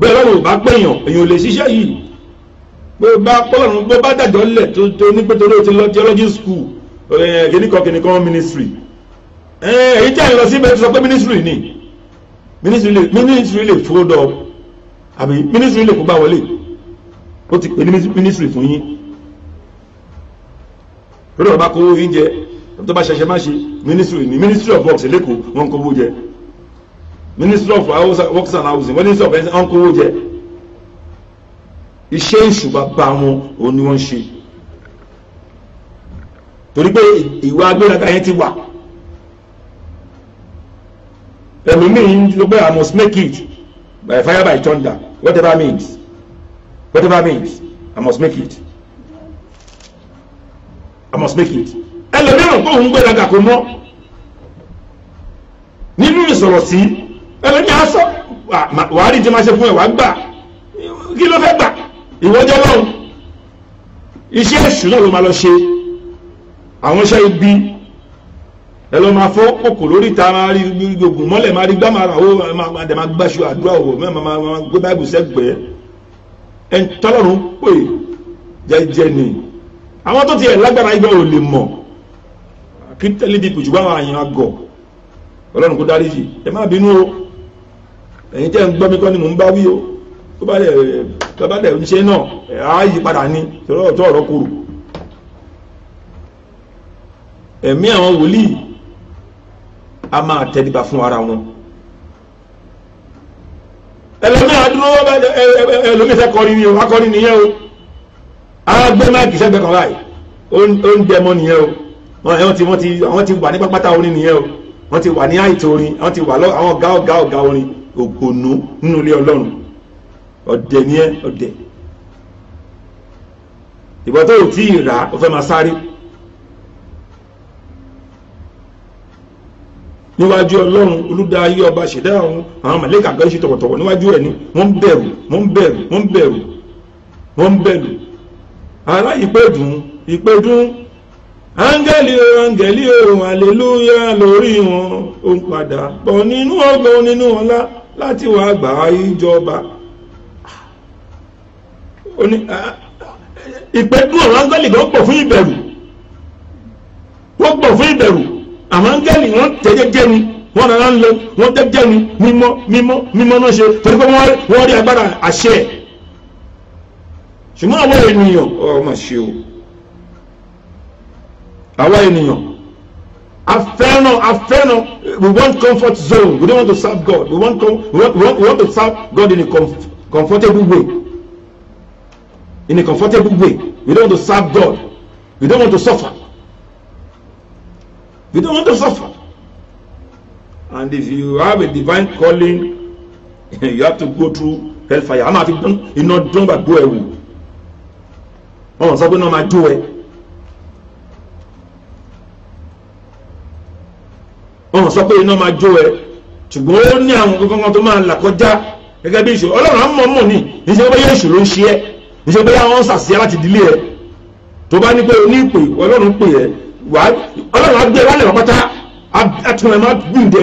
Speaker 2: Bẹ́ẹ̀ lọ́run bá pé èèyàn èèyàn ò lè ṣiṣẹ́ yìí pé bá kọ́lọ́run bó bá dàjọ́ lẹ̀ tó ní pé torí o lọ theology school eh, kìnnìkan kìnnìkan ministry eh, èyí tí a lọ sí bẹ́ẹ̀ sọ pé ministry ni ministry lè fold up àbí ministry lè kó bá wọlé ó ti pè ní ministry fún yín lórí ọba kó oúnjẹ tó bá ṣẹṣẹ má ṣe ministry ni ministry of works lẹ́kọ̀ọ́ wọn kó owó jẹ ministry of works and housing wọ́n ní sọ̀fẹ́ wọn kó owó jẹ iṣẹ́ ìṣùgbà bá wọn òun ni wọ́n ṣe torí pé ìwà agbéraga yẹn ti wà ẹlòmíín ló pé I must make it by fire by thunder whatever means whatever means I must make it I must make it ẹlòmíràn kó òun gbéraga kò mọ́ nínú ìsọ̀rọ̀ sí ẹlòmíín á sọ wàá rí jẹ́ máa ṣe fún ẹ̀ wàá gbà kí ló fẹ́ gbà ìwọ́jọ́ náà iṣẹ́ èṣù náà ló máa lọ ṣe àwọn iṣẹ́ ibi ẹ lọ máa fọ́ kòkò lórí ta máa rí gbogbo mọ́lẹ̀ máa rí gbàmàrà ó máa dẹ̀ máa gbàṣọ àdúrà òwò mẹ́ẹ̀ máa gbé báìbù sẹ́gbẹ̀ẹ́ ẹ̀ ń tọ́lọ́run pè jẹ́jẹ́ ni àwọn tó ti ẹ̀ lágbára ibẹ̀ ò lè mọ̀ kí tẹ́lẹ̀ dìpò ṣùgbọ́n àwọn àyàn àgọ̀ ọlọ́run kó dárí jì ẹ má bínú o ẹ̀yin tẹ́ ń gbọ́ mi kọ́ ni mò ń bá wí o tó bá dẹ̀ tó bá dẹ̀ ń ṣe náà á yí padà ní tó ọ̀rọ̀ kúrò ẹ̀mí àwọn wòlíì a máa tẹríba fún ara wọn ẹlòmíà dúró ẹlòmíà sẹ́kọ̀ọ́rí ni o akọ́rí nìyẹn o agbẹ́ máàkì sẹ́gbẹ́ kan báyìí ó ń dẹmọ nìyẹn o wọ́n ti wọ́n ti wọ́n ti wà ní pápátá orin nìyẹn o wọ́n ti wà ní àìtó orin wọ́n ti wà lọ́ àwọn ọ̀gá orin ògbònú nínú ilé ọlọ́run ọ̀dẹ̀ ni ẹ́ ọ̀dẹ̀ ìbọn tó ò tí ì rà ó fẹ́ máa sáré níwájú ọlọ́run olùdarí ọba ṣẹ̀dá ọ̀hún àwọn màlẹ́kà gan ṣe tọ̀wọ̀tọ̀wọ̀ níwájú ẹ̀ ni wọ́n bẹ̀rù wọ́n bẹ̀rù wọ́n bẹ̀rù wọ́n bẹ̀rù ará ìpẹ́dùn áńgẹ́lì o áńgẹ́lì o hallelujah lórí wọn ó ń padà bọ̀ nínú ọgbọ́n nínú ọlá láti wàá gbà á ìjọba Ah, ìpẹ́kùn ọ̀rọ̀ ángẹ́lì kan pọ̀ fún ìbẹ̀rù wọ́n pọ̀ fún ìbẹ̀rù àwọn ángẹ́lì wọ́n tẹ́jẹ́jẹ́ ni wọ́n nana lọ wọ́n tẹ́jẹ́ ni mímọ́ mímọ́ mímọ́ náà ṣe torí pé wọ́n rí agbára àṣẹ ṣùgbọ́n àwọn ènìyàn ọmọ ṣe o àwọn ènìyàn afẹ́nà afẹ́nà we want comfort zone we don't want to serve God we want, we want, we want to serve God in a comfortable way in a comfortable way. We don't want to serve God. We don't want to suffer. We don't want to suffer. And if you have a divine calling, you have to go through hellfire. I'm not even not done by do it. Oh, something on my do it. ọ̀hún sọ pé iná máa jó ẹ ṣùgbọ́n ó ní àwọn kankan tó máa là kọjá gẹ́gẹ́ bí ìṣòro ọlọ́run á mọ̀ mọ̀ ní ìṣẹ́ bóyá ìṣòro ń ṣe ẹ́ ìṣe bóyá wọn sàṣìyà láti dílé ẹ tó bá ní pé o ní ìpè ọlọ́run pè ẹ wà á ọlọ́run á gbé wálẹ̀ wọn pátá àtúnrẹ̀ máa bùndẹ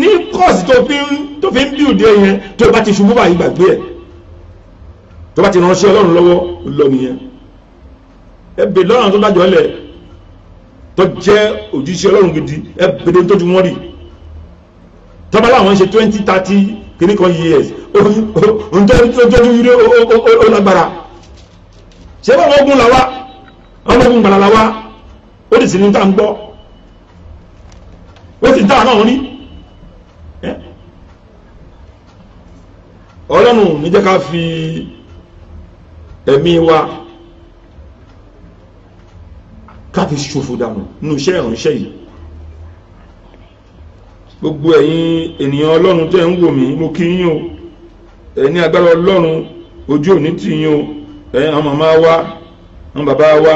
Speaker 2: ní kọ́ọ̀sì tó fi ń tó fi ń bíùdẹ yẹn tó bá ti ṣubú báyìí gbàgbé ẹ tó bá ti ránṣẹ́ ọlọ́run lọ́wọ́ lọ nìyẹn ẹ bè tó dájọ́ lẹ̀ tó jẹ́ òjíṣẹ́ ọlọ́run gidi ẹ bèrè tó ju wọ́n rì tọ́ba láwọn ṣe twenty thirty kìnnìkan years ohun tó ń tọ́jú ó lágbára ṣé wọn ogun làwa wọn ogun gbàlà làwa ó sì ní tá à ń gbọ́ ó sì dá àná òní ọlọ́run níjẹ́ ká fi ẹ̀mí wa ká fi ṣòfò dànù nínú iṣẹ́ ìrànṣẹ́ yìí gbogbo ẹ̀yin ènìyàn ọlọ́run tẹ́ ń wò mí mo kí yín o ẹni agbára ọlọ́run ojú òní tì yín o ẹ àwọn màmá wa àwọn bàbá wa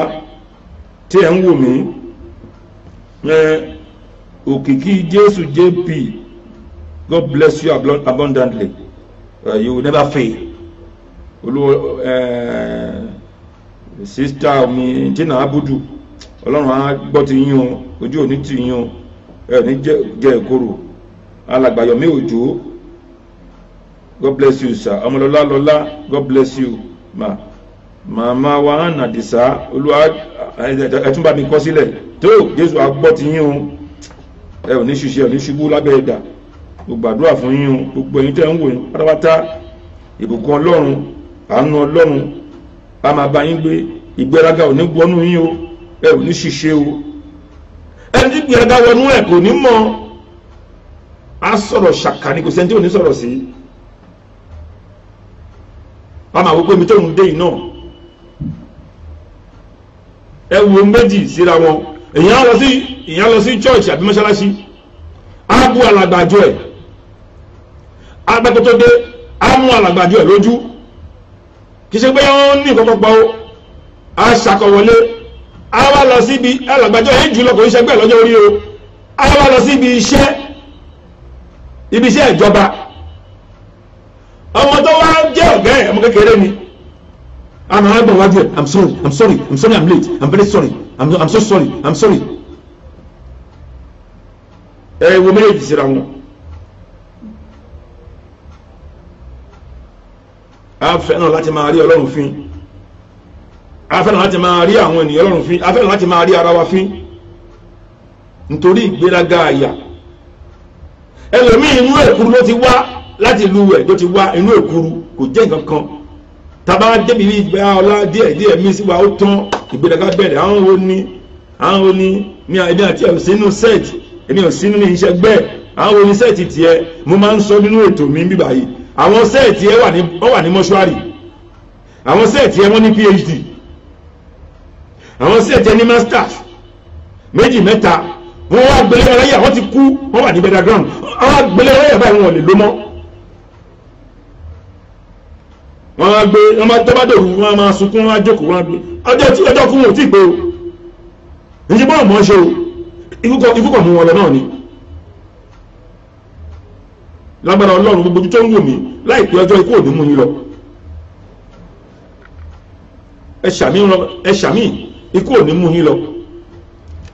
Speaker 2: tí ẹ ń wò mí ẹ òkìkí Jésù JP God bless you abundantly uh, you will never fail olúwo ẹ sista mi jìnnà abudu ọlọ́run á gbọ́ ti yín o ojú òní ti yín o ẹ ní jẹ ìkorò alàgbàyọ̀mí òjò God bless you sir ọmọlọ́lá lọ́lá God bless you ma màmá wa hàn nàdìsá olúwa ẹtúmbà mi kọ sílẹ̀ tó jésù agbọ́ ti yín o ẹ ò ní ṣiṣẹ́ ò ní ṣubú lábẹ́ ẹ̀dà gbogbo àdúrà fún yín o gbogbo ẹ̀yin tẹ́ ń wò pátápátá ìbùkún ọlọ́run àánú ọlọ́run a máa bá yín gbé ìgbéraga ò ní gbọ́nú yín o ẹ ò ní ṣiṣẹ́ o ẹni tí ìgbéraga wọnú ẹ̀ kò ní mọ̀ á sọ̀rọ̀ ṣàkà ni kò sẹ́ni tí ò ní sọ̀rọ̀ sí a máa wọ pé mi tó ń dé yìí náà ẹ wo méjì síra wọn èyàn lọ sí èyàn lọ sí church àbí mọ́ṣáláṣí ábú alàgbàjọ ẹ̀ agbẹ́kótó dé ámú alàgbàjọ ẹ̀ lójú kì í ṣe pé wọ́n ní ìkọ́kọ́ pa ó aṣàkọ̀wọlé á wá lọ síbi alàgbàjọ ẹ̀ jùlọ kò ń ṣẹgbẹ́ lọ́jọ́ orí o á wá lọ síbi iṣẹ́ ibi iṣẹ́ ìjọba ọmọ tó wá jẹ́ ọ̀gá ẹ̀ ọmọ kékeré ni I'm àwọn ẹgbẹ̀rún i'm sorry i'm sorry i'm sorry i'm late i'm very sorry i'm, I'm so sorry i'm sorry. ẹ eh, wo méjèèjì síra wọn. a fẹ́ràn láti máa rí ọlọ́run fín a fẹ́ràn láti máa rí àwọn ènìyàn ọlọ́run fín a fẹ́ràn láti máa rí ara wa fín nítorí ìgbéraga àyà ẹlòmíì inú èkuru ló ti wá láti ìlú ẹ̀ tó ti wá inú èkuru kò jẹ́ nǹkan kan tábà débi rí ìgbà ah, ọlá díẹ̀ díẹ̀ mí sí wa ó tán ìgbéraga bẹ̀rẹ̀ àwọn wo ni àwọn wo ni ní ẹbí àti ẹ̀ sínú sẹ́ẹ̀tì èmi ò sínú ní iṣẹ́ gbẹ́ àwọn wo ni set tiẹ̀ mo máa ń sọ nínú ètò mi bíbá yìí àwọn sẹ́ẹ̀tì ẹ̀ wà ní mọ́ṣúárì àwọn sẹ́ẹ̀tì ẹ̀ wọ́n ní phd àwọn set ẹ̀ ní masters méjì mẹ́ta wọ́n wá gbélé ọlọ́yà wọ́n ti kú wọ́n wà ní bẹ́dà ground wọ́n wá gbélé ọlọ́yà wọn ò lè lọ mọ́ wọ́n á gbé wọ́n bá tọ́bá dòrú wọ́n á máa sunkún wọ́n á jókòó wọ́n á gbé ọjọ́ tí ọjọ́ kún wọn ò tí ì pé o níṣẹ bọ́ọ̀ mọ́ ṣe o ìfúkọ̀ ìfúkọ̀ mú wọn lọ náà ni lágbára ọlọ́run gbogbo ojú tó ń wò mí láìpẹ́ ọjọ́ ikú òní mú yín lọ ẹ ṣàmì ẹ ṣàmì ikú òní mú yín lọ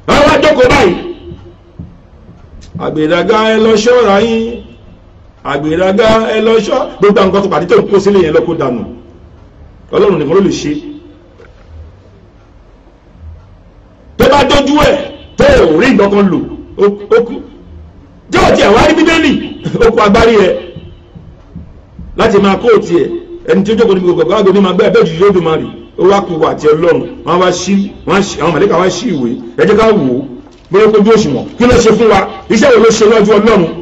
Speaker 2: àwọn wá báyìí àgbèdàgá ẹ lọ ṣọ́ra yín àgbèrágá ẹ lọ ṣọ́ gbogbo àwọn nǹkan tó pàdé tó ń kó sílé yẹn lọ́kó dànù ọlọ́run nìkan ló lè ṣe tó bá dójú ẹ̀ tó ò rí nǹkan kan lò ó kú jẹ́ òtí ẹ̀ wá rí bíbélì ó kú agbárí ẹ̀ láti máa kó òtí ẹ̀ ẹni tí ó jókòó níbi gbogbo àgbẹ̀ ní máa gbẹ́ ẹ̀bẹ́ òjijì ó dùn máa rì ó wá kú àti ọlọ́run wọn wá sí àwọn màlẹ́kà wá sí ìwé ẹ ká wò ó bóyá kójú òṣùwọ̀n kí ló ṣe fún wa iṣẹ́ wo ló ṣe lọ́jọ́ ọlọ́run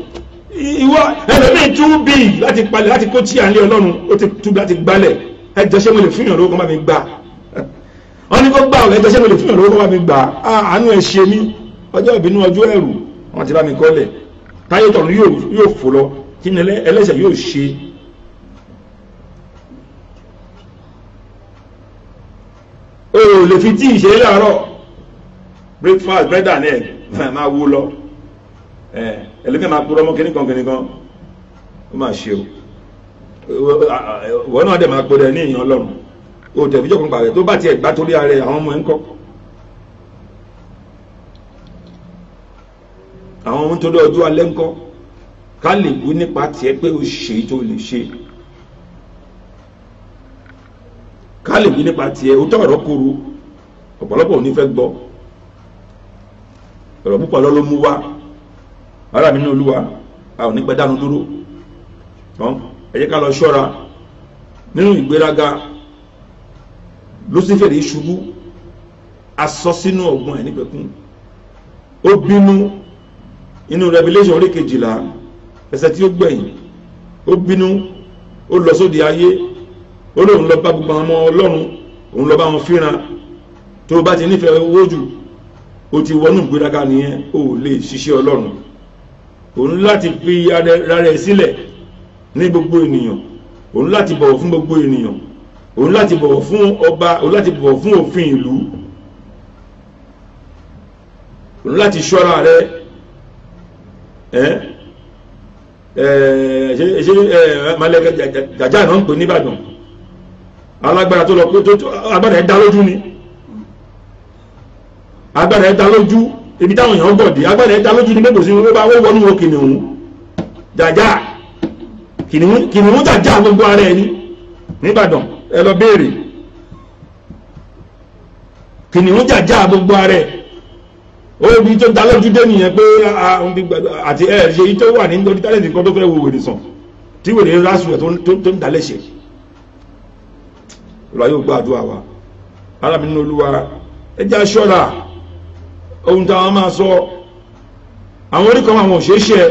Speaker 2: ìwọ ẹlòmíì tún bí láti palẹ̀ láti kó tí à ń lé ọlọ́run ó ti tú láti gbalẹ̀ ẹjọ́ ṣé mo lè fún ìyànlówó kan bá mi gbà wọ́n ní kó gbà ọ̀lẹ́ ẹjọ́ ṣé mo lè fún ìyànlówó kan bá mi gbà àánú ẹ̀ ṣe mí ọjọ́ ìbínú ọjọ́ ẹ̀rù wọ́n ti bá mi kọ́lẹ̀ táyé tọ̀run yóò fò lọ tí ẹlẹ́sẹ̀ yóò ṣe o lè fi tí ì ṣe láàárọ̀ breakfast bread and egg máa wo lọ Eh, ẹlẹ́mí máa purọ́ mọ́ kíníkan kíníkan ó máa ṣe o wọ́n náà dẹ̀ máa pọ̀ ní ìyàn ọlọ́run o tẹ̀ fíjọ́ kan pàrẹ̀ tó bá tiẹ̀ gbá torí ara ẹ̀ àwọn ọmọ ẹ̀ ń kọ́ àwọn ohun tó dé ọjọ́ alẹ́ ń kọ́ ká lè wú nípa tiẹ̀ pé o ṣe tó lè ṣe ká lè wú nípa tiẹ̀ o tọ̀rọ̀ kuru ọ̀pọ̀lọpọ̀ ò ní fẹ́ gbọ́ ọ̀rọ̀ púpọ̀ lọ́ ló mú wá ara mi ní olúwa a ò ní pẹ́ dánu dúró ẹ jẹ́ ká lọ ṣọ́ra nínú ìgbéraga Lucifer ṣubú asọ sínú ọgbọ́n ẹ̀ nípẹ̀kún ó bínú inú Revelation orí kejìlá ẹsẹ̀ tí ó gbẹ̀yìn ó bínú ó lọ sóde ayé ó lóun lọ bá gbogbo àwọn ọmọ ọlọ́run òun lọ bá wọn fínra tó o bá ti nífẹ̀ẹ́ owó jù o ti wọnú ìgbéraga nìyẹn o ò lè ṣiṣẹ́ ọlọ́run òun láti fi ara rẹ̀ sílẹ̀ ní gbogbo ènìyàn òun láti bọ̀wọ̀ fún gbogbo ènìyàn òun láti bọ̀wọ̀ fún ọba òun láti bọ̀wọ̀ fún òfin ìlú òun láti ṣọ́ra rẹ̀ ẹ́ ṣe malẹ́gà jàjà náà ń pè níbàdàn alágbára tó lọ pé tó agbára ẹ̀ dá lójú ni agbára ẹ̀ dá lójú ibi táwọn èèyàn gbọ̀dé agbára ẹ̀ta lójú ní mẹ́kòsí wọn bá wọ́n wọnú kìnìún jàjà kìnìún jàjà gbogbo ara ẹni nìbàdàn ẹ lọ béèrè kìnìún jàjà gbogbo ara ẹ ó ibi tó dá lójú dé nìyẹn pé àti ẹ ṣe tó wà ní nítorí tálẹ̀tì kan tó fẹ́ wo wèrè sàn tí wèrè rásù ẹ̀ tó ń dalẹ̀ ṣe ọlọ́yọ̀ gbọ́ àdúrà wa alábìnrin olúwa ẹ jẹ́ aṣọ́ra ohun táwọn máa sọ àwọn orí kan àwọn òṣèṣẹ́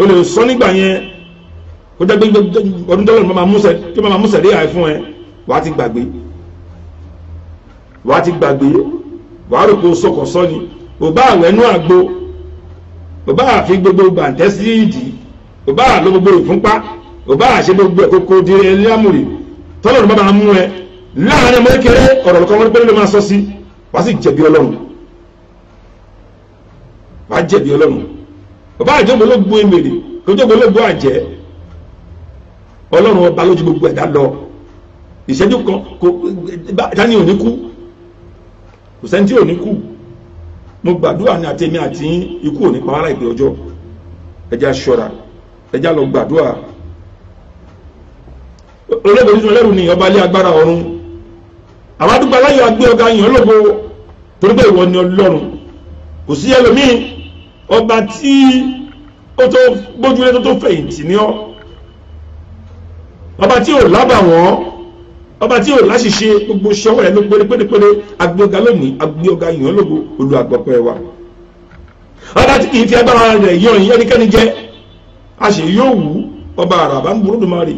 Speaker 2: o lè sọ nígbà yẹn ó jẹ́ gbẹ́gbẹ́ ọdún tó lọ́nà tí máa mú sẹ̀dé àì fún ẹ wàá ti gbàgbé wàá ti gbàgbé wàá rò pé o sọkọ̀ sọ ni ò bá àwẹ̀nú àgbo ò bá àfi gbogbo gbàǹtẹ́ sí ìdí ò bá àlọ́ gbogbo ìfúnpá ò bá àṣẹ gbogbo ẹ̀kọ́kọ́ di ẹni lámùrè tọ́lọ́run bá máa mú ẹ láàárín ọmọ kékeré ọ̀rọ̀ lọ́kọ́ wọn pẹ́lú máa sọ sí wàá sì jẹ̀bi ọlọ́run wà á jẹ̀bi ọlọ́run bàbá àjọmọ ló gbó emèrè kójọmọ ló gbó àjẹ́ ọlọ́run ọba lójú gbogbo ẹ̀dá lọ ìṣẹ́jú kan kò dání ò ní kú kò sẹ́ni tí ò ní kú mo gbàdúrà ní àtẹ̀mí àti ikú ò ní pa ọjọ́ ẹja ṣọ́ra ẹja lọ gbàdúrà olóògbé tuntun ẹlẹ́rù ni ọba lé agbára ọ̀run àwọn adúgbò aláyọ̀ agbé ọ̀gá yìí olóògbé torí pé ìwọ ni ọlọ́run kò sí ẹlòmíín ọba tí ó tó gbójúlé tó tó fẹ̀yìntì ní ọ ọba tí ò lábà wọ́n ọba tí ò láṣìṣe gbogbo ṣọwọ́ ẹ̀ ló péré pérépéré agbóga lónìí agbóga yìnyín lógo olú àgbọ̀pẹ̀ wa ọba tí kìí fi agbára rẹ̀ yọ ìyẹn nìkẹ́ni jẹ́ a sì yóò wù ọba àràbà ń burú dùnmọ́ rè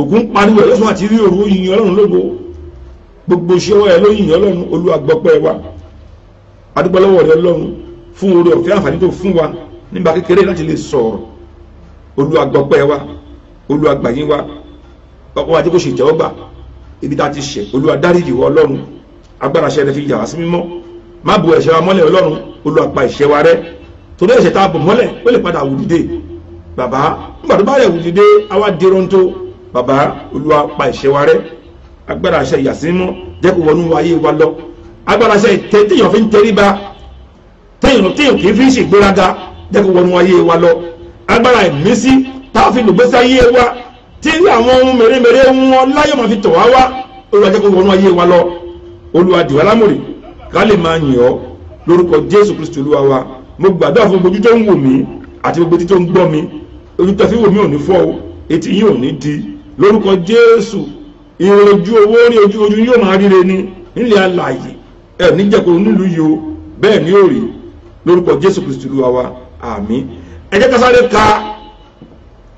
Speaker 2: ògún pariwo ẹ̀ àti rí òru yìnyín ọlọ́run lógo gbogbo ṣọwọ́ ẹ̀ ló yìnyín ọlọ́run olú àgbọ̀pẹ̀ wa adúpẹ́ rẹ ọlọ́run fún oore ọ̀fẹ́ àǹfààní tó fún wa nígbà kékeré láti lè sọ̀rọ̀ Olúwa gbọpẹ́ wa Olúwa gbàyìn wa ọkọ̀ wa jẹ́ kó ṣe ìtẹ́wọ́gbà ibi tá ti ṣẹ̀ Olúwa dáríjì wa ọlọ́run agbára ṣẹ́ rẹ fi yà wá sí mímọ́ má bu ẹ̀ṣẹ̀ wa mọ́lẹ̀ ọlọ́run Olúwa pa ìṣẹ́ wa rẹ́ torí ẹ̀ṣẹ̀ tá a bò mọ́lẹ̀ ó lè padà wùdìdè bàbá nígbà tó bá rẹ̀ wùdìdè àwa dèrò tó bàbá Olúwa pa ìṣẹ́ wa rẹ́ agbára ṣẹ́ ìyàsímọ́ jẹ́ kó wọnú ayé wa lọ agbára sẹ téèyàn fi ń tẹríba téèyàn téèyàn kì í fi ń ṣègbéraga jẹ́kọ̀ wọnú ayé wa lọ agbára ìmísí táwọn fi lògbésí ayé wa tí àwọn ohun mèremère wọn láyọ̀ máa fi tọ̀ wá wá olúwa jẹ́kọ̀ wọnú ayé wa lọ olúwa dìwà lámòrè ká lè máa yìn ọ́ lórúkọ jésù kristu olúwa wa mo gbàdúrà fún gbogbo ojú tó ń wò mí àti gbogbo ojú tó ń gbọ́ mi ojú tó fi wò mí ò ní fọ́ o etí yìí ò ní di lórúkọ jésù ìrìn ojú owó rí ojú ojú yóò máa ríre ní nílẹ̀ alààyè ẹ níjẹ̀kọ̀rọ̀ nílùú yìí o bẹ́ẹ̀ ni ó rí lórúkọ jésù kristu lúwa wa àmín ẹ jẹ́ ká sáré ka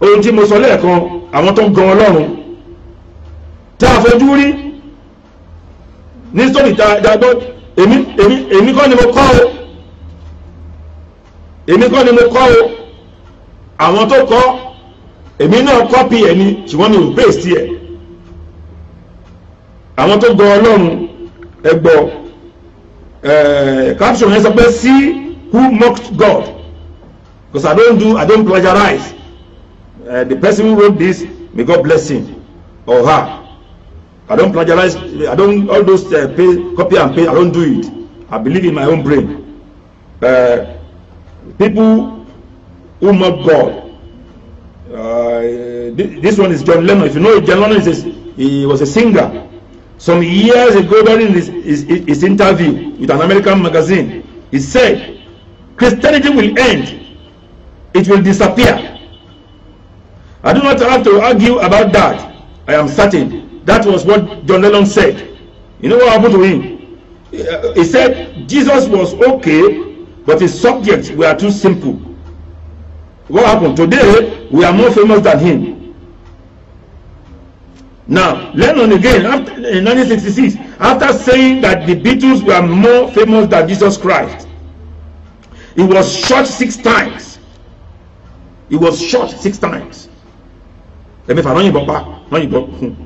Speaker 2: ohun tí mo sọ lẹ́ẹ̀kan àwọn tó ń gan ọlọ́run tá a fojú rí ní sọ́ọ̀nì tá a gbọ́ èmi èmi èmi kọ́ ni mo kọ́ o èmi kọ́ ni mo kọ́ o àwọn tó kọ́ èmi náà kọ́pì ẹ̀ ni ṣùgbọ́n mi ò bẹ́ẹ̀ sí ẹ̀ àwọn tó gan ọlọ́run ẹ gbọ́ ọ. Eh, caption yẹn sọ see who mocked God because I don't do I don't plagiarize uh, the person who wrote this may God bless him or her I don't plagiarize I don't all those uh, pay, copy and paste I don't do it I believe in my own brain uh, people who mock God uh, th this one is John Lennon if you know John Lennon he was a singer Some years ago, during his, his, his interview with an American magazine, he said, Christianity will end, it will disappear. I do not have to argue about that. I am certain. That was what John Lennon said. You know what happened to him? Uh, he said, Jesus was okay, but his subjects were too simple. What happened? Today, we are more famous than him. Now, Lennon again, after, in 1966, after saying that the Beatles were more famous than Jesus Christ, he was shot six times. He was shot six times. Ẹ̀mí fà lọ́yìnbọn pa lọ́yìnbọn kún.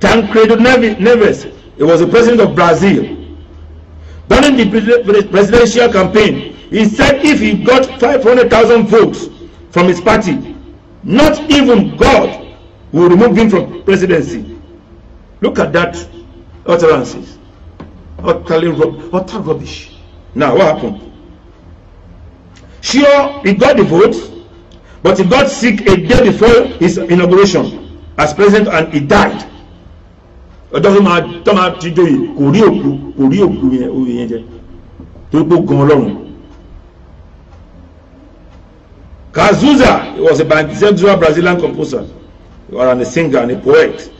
Speaker 2: Tancredo Neves, he was the president of Brazil. During the presidential campaign, he said if he got 500,000 votes from his party, not even God We will remove him from presidency. Look at that utterances. Utterly rub utter rubbish. Now, what happened? Sure, he got the vote, but he got sick a day before his inauguration as president and he died. Ọjọ́ tó máa ti jó yìí kò rí òkú kò rí òkú yẹn jẹ tó gbó gan Ọlọ́run. Kazuza was a Brazilian Brazilian composer. Or are a singer and a poet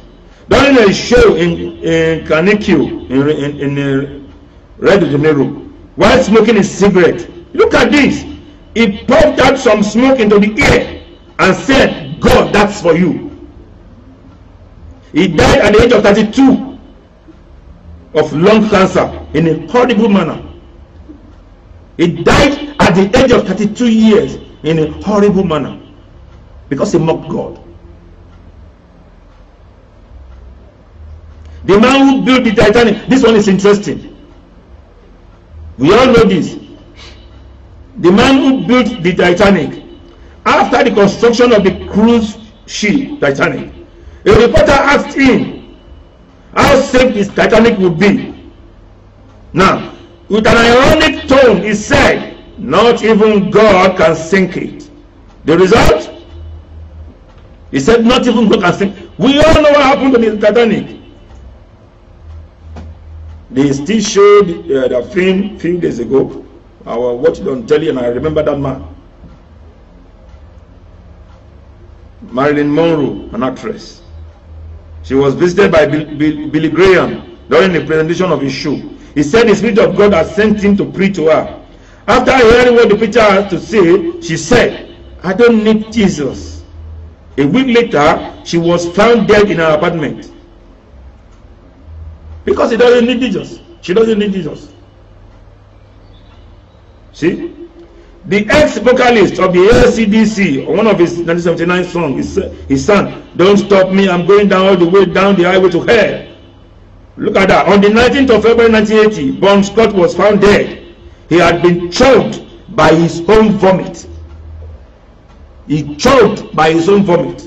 Speaker 2: during a show in in Kanekyo in in, in uh, Rio de Janeiro while smoking a cigarette look at this he puffed out some smoke into the air and said God that's for you he died at the age of 32 of lung cancer in a horrible manner he died at the age of 32 years in a horrible manner because he mocked God The man who built the Titanic, this one is interesting. We all know this. The man who built the Titanic, after the construction of the cruise ship Titanic, a reporter asked him how safe this Titanic would be. Now, with an ironic tone, he said, Not even God can sink it. The result? He said, Not even God can sink. We all know what happened to the Titanic. They still showed uh, the film few days ago. I watched it on telly and I remember that man. Marilyn Monroe, an actress. She was visited by Bill, Bill, Billy Graham during the presentation of his show. He said the Spirit of God had sent him to preach to her. After hearing what the preacher had to say, she said, I don't need Jesus. A week later, she was found dead in her apartment. Because he doesn't need Jesus. She doesn't need Jesus. See? The ex-vocalist of the LCDC, one of his 1979 songs, his, his son, Don't Stop Me, I'm Going Down All the Way Down the Highway to Hell. Look at that. On the 19th of February 1980, Bon Scott was found dead. He had been choked by his own vomit. He choked by his own vomit.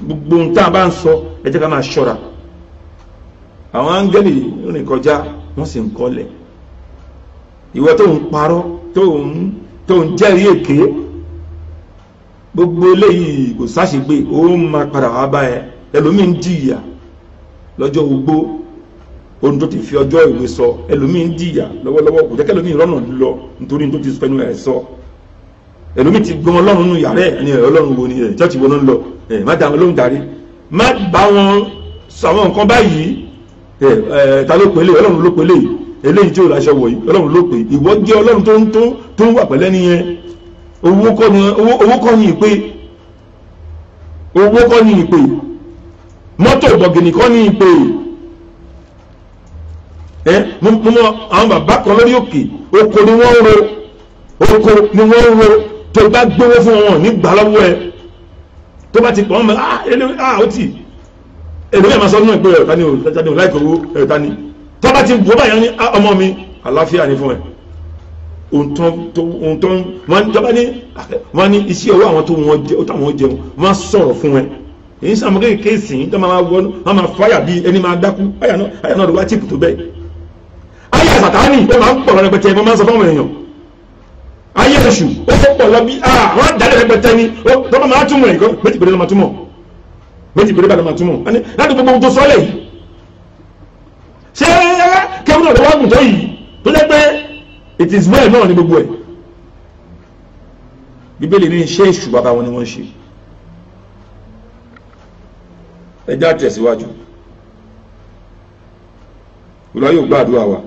Speaker 2: Gbogbo nǹkan bá ń sọ, ẹ jẹ́ ká máa ṣọ́ra àwọn áńgẹ́lì rìn kọjá wọ́n sì ń kọ́lẹ̀ ìwọ tó ń parọ́ tó ń tó ń jẹ́rí èké gbogbo eléyìí kò sáṣegbé ó máa padà wá bá ẹ ẹlòmíín jìyà lọ́jọ́ ogbó ohun tó ti fi ọjọ́ ìwé sọ ẹlòmíín jìyà lọ́wọ́lọ́wọ́ kò jẹ́ kẹlòmíín rọ́nà lọ nítorí tó ti fẹnu ẹ̀ sọ ẹlòmíín ti gbọmọ ọlọ́run nù yàrá ẹ̀ ni ọlọ́run wo ni ẹ̀ chọ́ọ̀chì wo ló ń lọ ẹ̀ má dá wọn lóhùn darí má bá wọn sọ àwọn nǹkan báyìí ta ló pè é lé ọlọ́run ló pè é lé eléyìí tí ò láṣọ wọ̀ yìí ọlọ́run ló pè é ìwọ jẹ́ ọlọ́run tó ń tó tó ń wà pẹ̀lẹ́ nìyẹn owó kọ́ ni owó kọ́ ni ìpè owó kọ́ ni ìpè mọ́tò bọ̀gìnì kọ́ ni ìpè ẹ mo mọ àwọn bàbá kan lórí òkè oko ni wọ́n ro oko ni wọ́n ro tó bá gbówó fún wọn nígbà lọ́wọ́ ẹ tó bá ti pọ̀ ọ́n mọ́ ah, ah ó tì èmi náà máa sọ nínú ìpè rẹ̀ tani o tani o láìpẹ́ owó ẹ̀ tani tọ́ba ti wọ́ báyọ̀ ní ah, ọmọ mi àláfíà ni fún ẹ ohun tó ń wọ́n jọba ní wọ́n ní iṣẹ́ owó àwọn tó wọ́n jẹun wọ́n sọ̀rọ̀ fún ẹ èyí sàmọ́ kéèké sìn tó máa wọ́n wọ́n máa fáyà bí ẹni máa dákú àyà náà ló wá tíìpù tó bẹ́ẹ̀ ayé sàtáni ó máa ń pọ̀ rẹpẹtẹ wọ́n ayé oṣù ó pọ̀ lọ bí àwọn ah, àdálẹ̀ rẹpẹtẹ ni tó bá máa túmọ̀ ẹ̀kọ́ méjì pẹ̀lú máa túmọ̀ méjì péré bá lọ́mọ túmọ̀ ẹni láti gbogbo ohun tó sọ́lẹ̀ yìí ṣé kẹ́mínà lọ́wọ́ àgùntàn yìí tó jẹ́ pé it is well náà ní gbogbo ẹ̀ bíbélì ní iṣẹ́ èṣù bàbá wọn ni wọ́n ṣe ẹjá tẹ̀síwájú ìlọ yóò gbàdúrà wa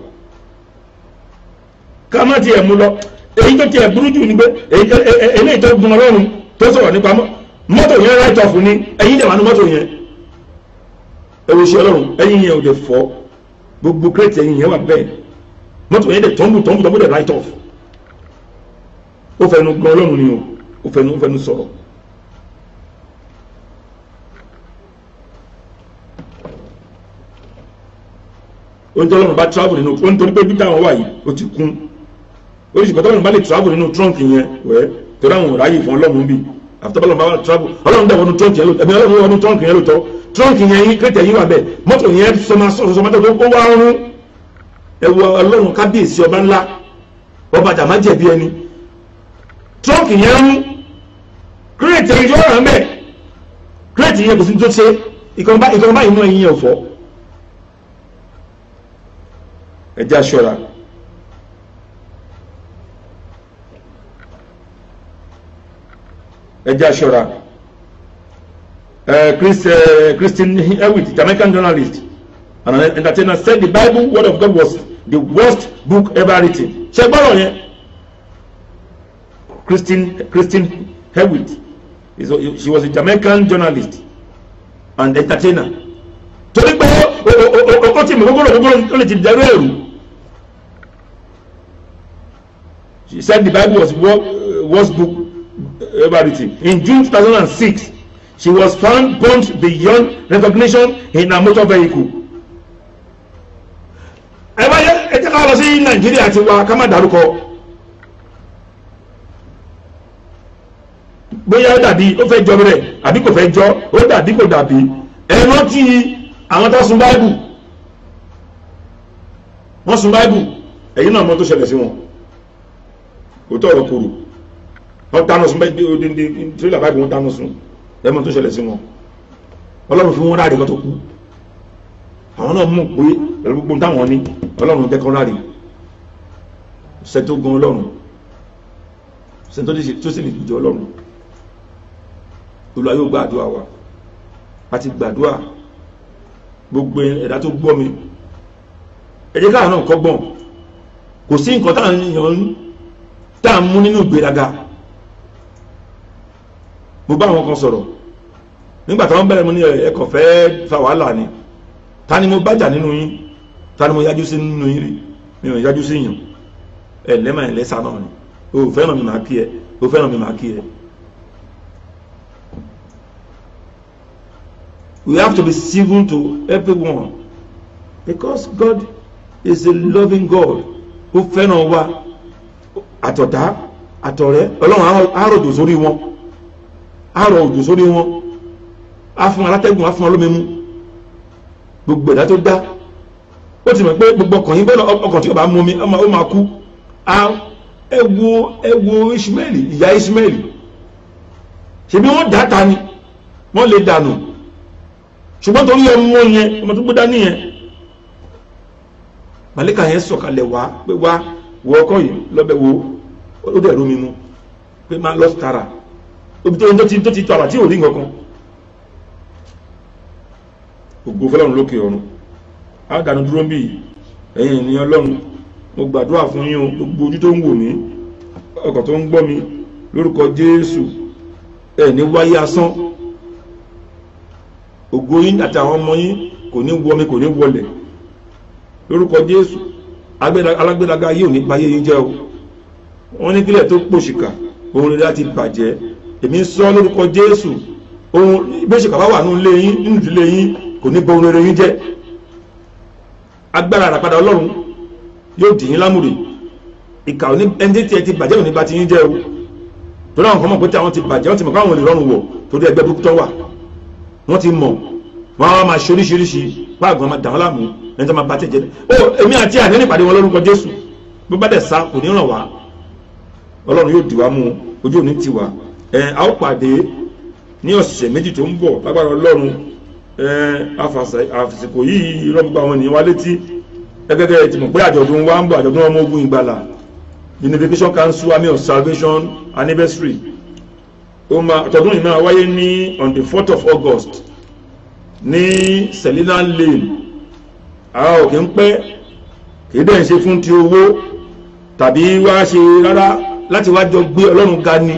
Speaker 2: ká má tiẹ̀ mú lọ èyí tó tiẹ̀ burú jù ní pé èyí tó gun ọlọ́run tó sọ̀rọ̀ nípa mọ́ mọ́tò yẹn right off ní ẹ̀yìn dẹ̀wà ní mọ́tò yẹn ẹ̀rọ iṣẹ́ ọlọ́run ẹ̀yìn yẹn ò dẹ̀ fọ́ gbogbo kírètì ẹ̀yìn yẹn wà bẹ́ẹ̀ mọ́tò yẹn dẹ̀ tọ́ǹbù tọ́ǹbù tọ́ǹbù dẹ̀ right off ó fẹnu gan ọlọ́run ni o ó fẹnu ó fẹnu sọ̀rọ̀ oúnjẹ ọlọ́run bá travel nínú ó nítorí pé bíbí àwọn wà yìí ó ti kún oríṣiríṣi pẹ̀tọ́ ọlọ́run bá lè travel nínú trunk yẹn wẹ́ẹ́ torí àwọn ọ̀ráyè fún ọlọ́run bíi àfitọ́bọ́lọ́ bá wà travel ọlọ́run dẹ̀ wọnú trunk yẹn lò ẹ̀mí ọlọ́run wọnú trunk yẹn lò tọ́ trunk yẹn yín kẹ́tẹ̀ yín wà bẹ́ẹ̀ mọ́tò yẹn sọmọtò tó kó wá rún ẹ̀wọ̀ ọlọ́run kábíyèsí ọba ńlá ọba àtàmá jẹ̀bi ẹni trunk yẹn rún kírètì yẹn yọ̀ọ́ rán bẹ́ẹ̀ kírètì yẹn kò sí tó ṣe ìkànnì báyìí mú ẹyin yẹn fọ́ ẹ̀jẹ̀ aṣọ́ra ẹjẹ́ aṣọ́ra Christian Hewitt Jamaican journalist and an entertainer said the Bible word of God was the worst book ever written ṣe gbọ́dọ̀ yẹn Christian Christian Hewitt she was a Jamaican journalist and entertainer torí pé ó ti mọ̀ gbogbo gbogbo ó lè ti dẹrú èrú she said the Bible was the worst book everything. In June 2006, she was found burnt beyond recognition in a motor vehicle. ẹ yẹ ẹ jẹ́ Nàìjíríà ti wa ká má dárúkọ. bóyá ó dàbí ó fẹ́ jọ rẹ̀ àbí kò fẹ́ jọ ó dàbí kò dàbí ẹ rántí àwọn tó sun báìbù wọ́n sun báìbù ẹ̀yin náà mọ̀ tó ṣẹlẹ̀ sí wọn òótọ́ ọ̀rọ̀ kúrú wọ́n dáná sun bẹ́ẹ̀ odindi tírélà báyìí wọ́n dáná sun ẹ mọ̀ tó ṣẹlẹ̀ sí wọn ọlọ́run fún wọn láàrin kan tó kú àwọn náà mọ̀ pé pẹ̀lú gbogbo táwọn ní ọlọ́run jẹ́ kan láàrin ṣe tó gan ọlọ́run ṣe tó sì lè jù ọlọ́run olùwà yóò gba àdúrà wa àti gbàdúrà gbogbo ẹ̀dá tó gbọ́ mi ẹ jẹ́ náà kọ́gbọ́n kò sí nǹkan táwọn ń mú nínú ìgbéraga mo bá àwọn kan sọ̀rọ̀ nígbà táwọn bẹ̀rẹ̀ mo ní ẹ fẹ́ fa wàhálà ni ta ni mo bájà nínú yín ta ni mo yájú sí nínú yín rí mi ò yájú sí yàn ẹ lẹ́mà náà ni o fẹ́ràn mi màá kí ẹ o fẹ́ràn mi màá kí ẹ. we have to be civil to everyone because God is a loving God who fẹ́ràn wa àtọ̀tá àtọ̀rẹ́ ọlọ́run á rọ̀jò sórí wọn àrọ̀ òjò sórí wọn á fún alátẹ́gùn á fún wọn lómi mú gbogbo ẹ̀dá tó dá ó ti mọ̀ pé gbogbo ọkàn yín bẹ́ẹ̀ ọkàn tí ó bá mú omi ó máa kú ẹ wo ẹ wo Ismaili ìyá Ismaili ṣebí wọ́n dá ta ni wọ́n lè dànù ṣùgbọ́n torí ọmọ yẹn ọmọ tó gbódá nìyẹn màlíkà yẹn sọ̀kalẹ̀ wá pé wá wọ ọkọ yìí lọ́bẹ̀ wo ó dẹ̀ rómi mu pé má lọ́sítara obi tó ti tó ti tó àbá tí ò rí nǹkan kan ògo fọlọ́run lókè ọ̀run àdánù dúró ń bì ẹ̀yin ènìyàn ọlọ́run mo gbàdúrà fún yín o gbogbo ojú tó ń wò mí ọkàn tó ń gbọ́ mi lórúkọ jésù ẹ ní kílẹ̀ tó pòṣìkà òun láti bàjẹ́ èmi ń sọ lórúkọ jésù ohun ìgbésẹ̀ kàbá wà nínú ilé yín nínú ìdílé yín kò ní bọ ohun rere yín jẹ́ agbára àràpadà ọlọ́run yóò dì yín lámùrè ìkà òní ẹni tí ẹ ti bàjẹ́ òní bá ti yín jẹ́ o torí àwọn kan mọ̀ pé tí àwọn ti bàjẹ́ wọ́n ti mọ̀ káwọn lè rọrùn wọ̀ torí ẹgbẹ́ burúkú wà wọ́n ti mọ̀ wọ́n á máa ṣe oríṣiríṣi páàgùn máa dà wọ́n láàmú ẹni tó máa bá tẹ̀jẹ̀ ó èmi àti àní nípàdé wọn lórúkọ jésù bí bá dẹ̀ sá kò ní ràn wá ọlọ́run yóò dì wá mú ojú òní ti wá ẹ a ó pàdé ní ọ̀sẹ̀ méjì tó ń bọ̀ lágbára ọlọ́run ẹ àfàsìkò yìí irọ́ gbogbo àwọn ènìyàn wa létí gẹ́gẹ́ ti mọ̀ pé àjọ̀dún wa ń bọ̀ àjọ̀dún ọmọ ogun ìgbàlà unification council army of salvation anniversary àjọ̀dún yìí máa wáyé ní on the fourth of august ní selina lane àwa ò kí ń pẹ́ kì í dẹ̀ ń ṣe fún ti owó tàbí wá ṣe rárá láti wá jọ gbé ọlọ́run ga ni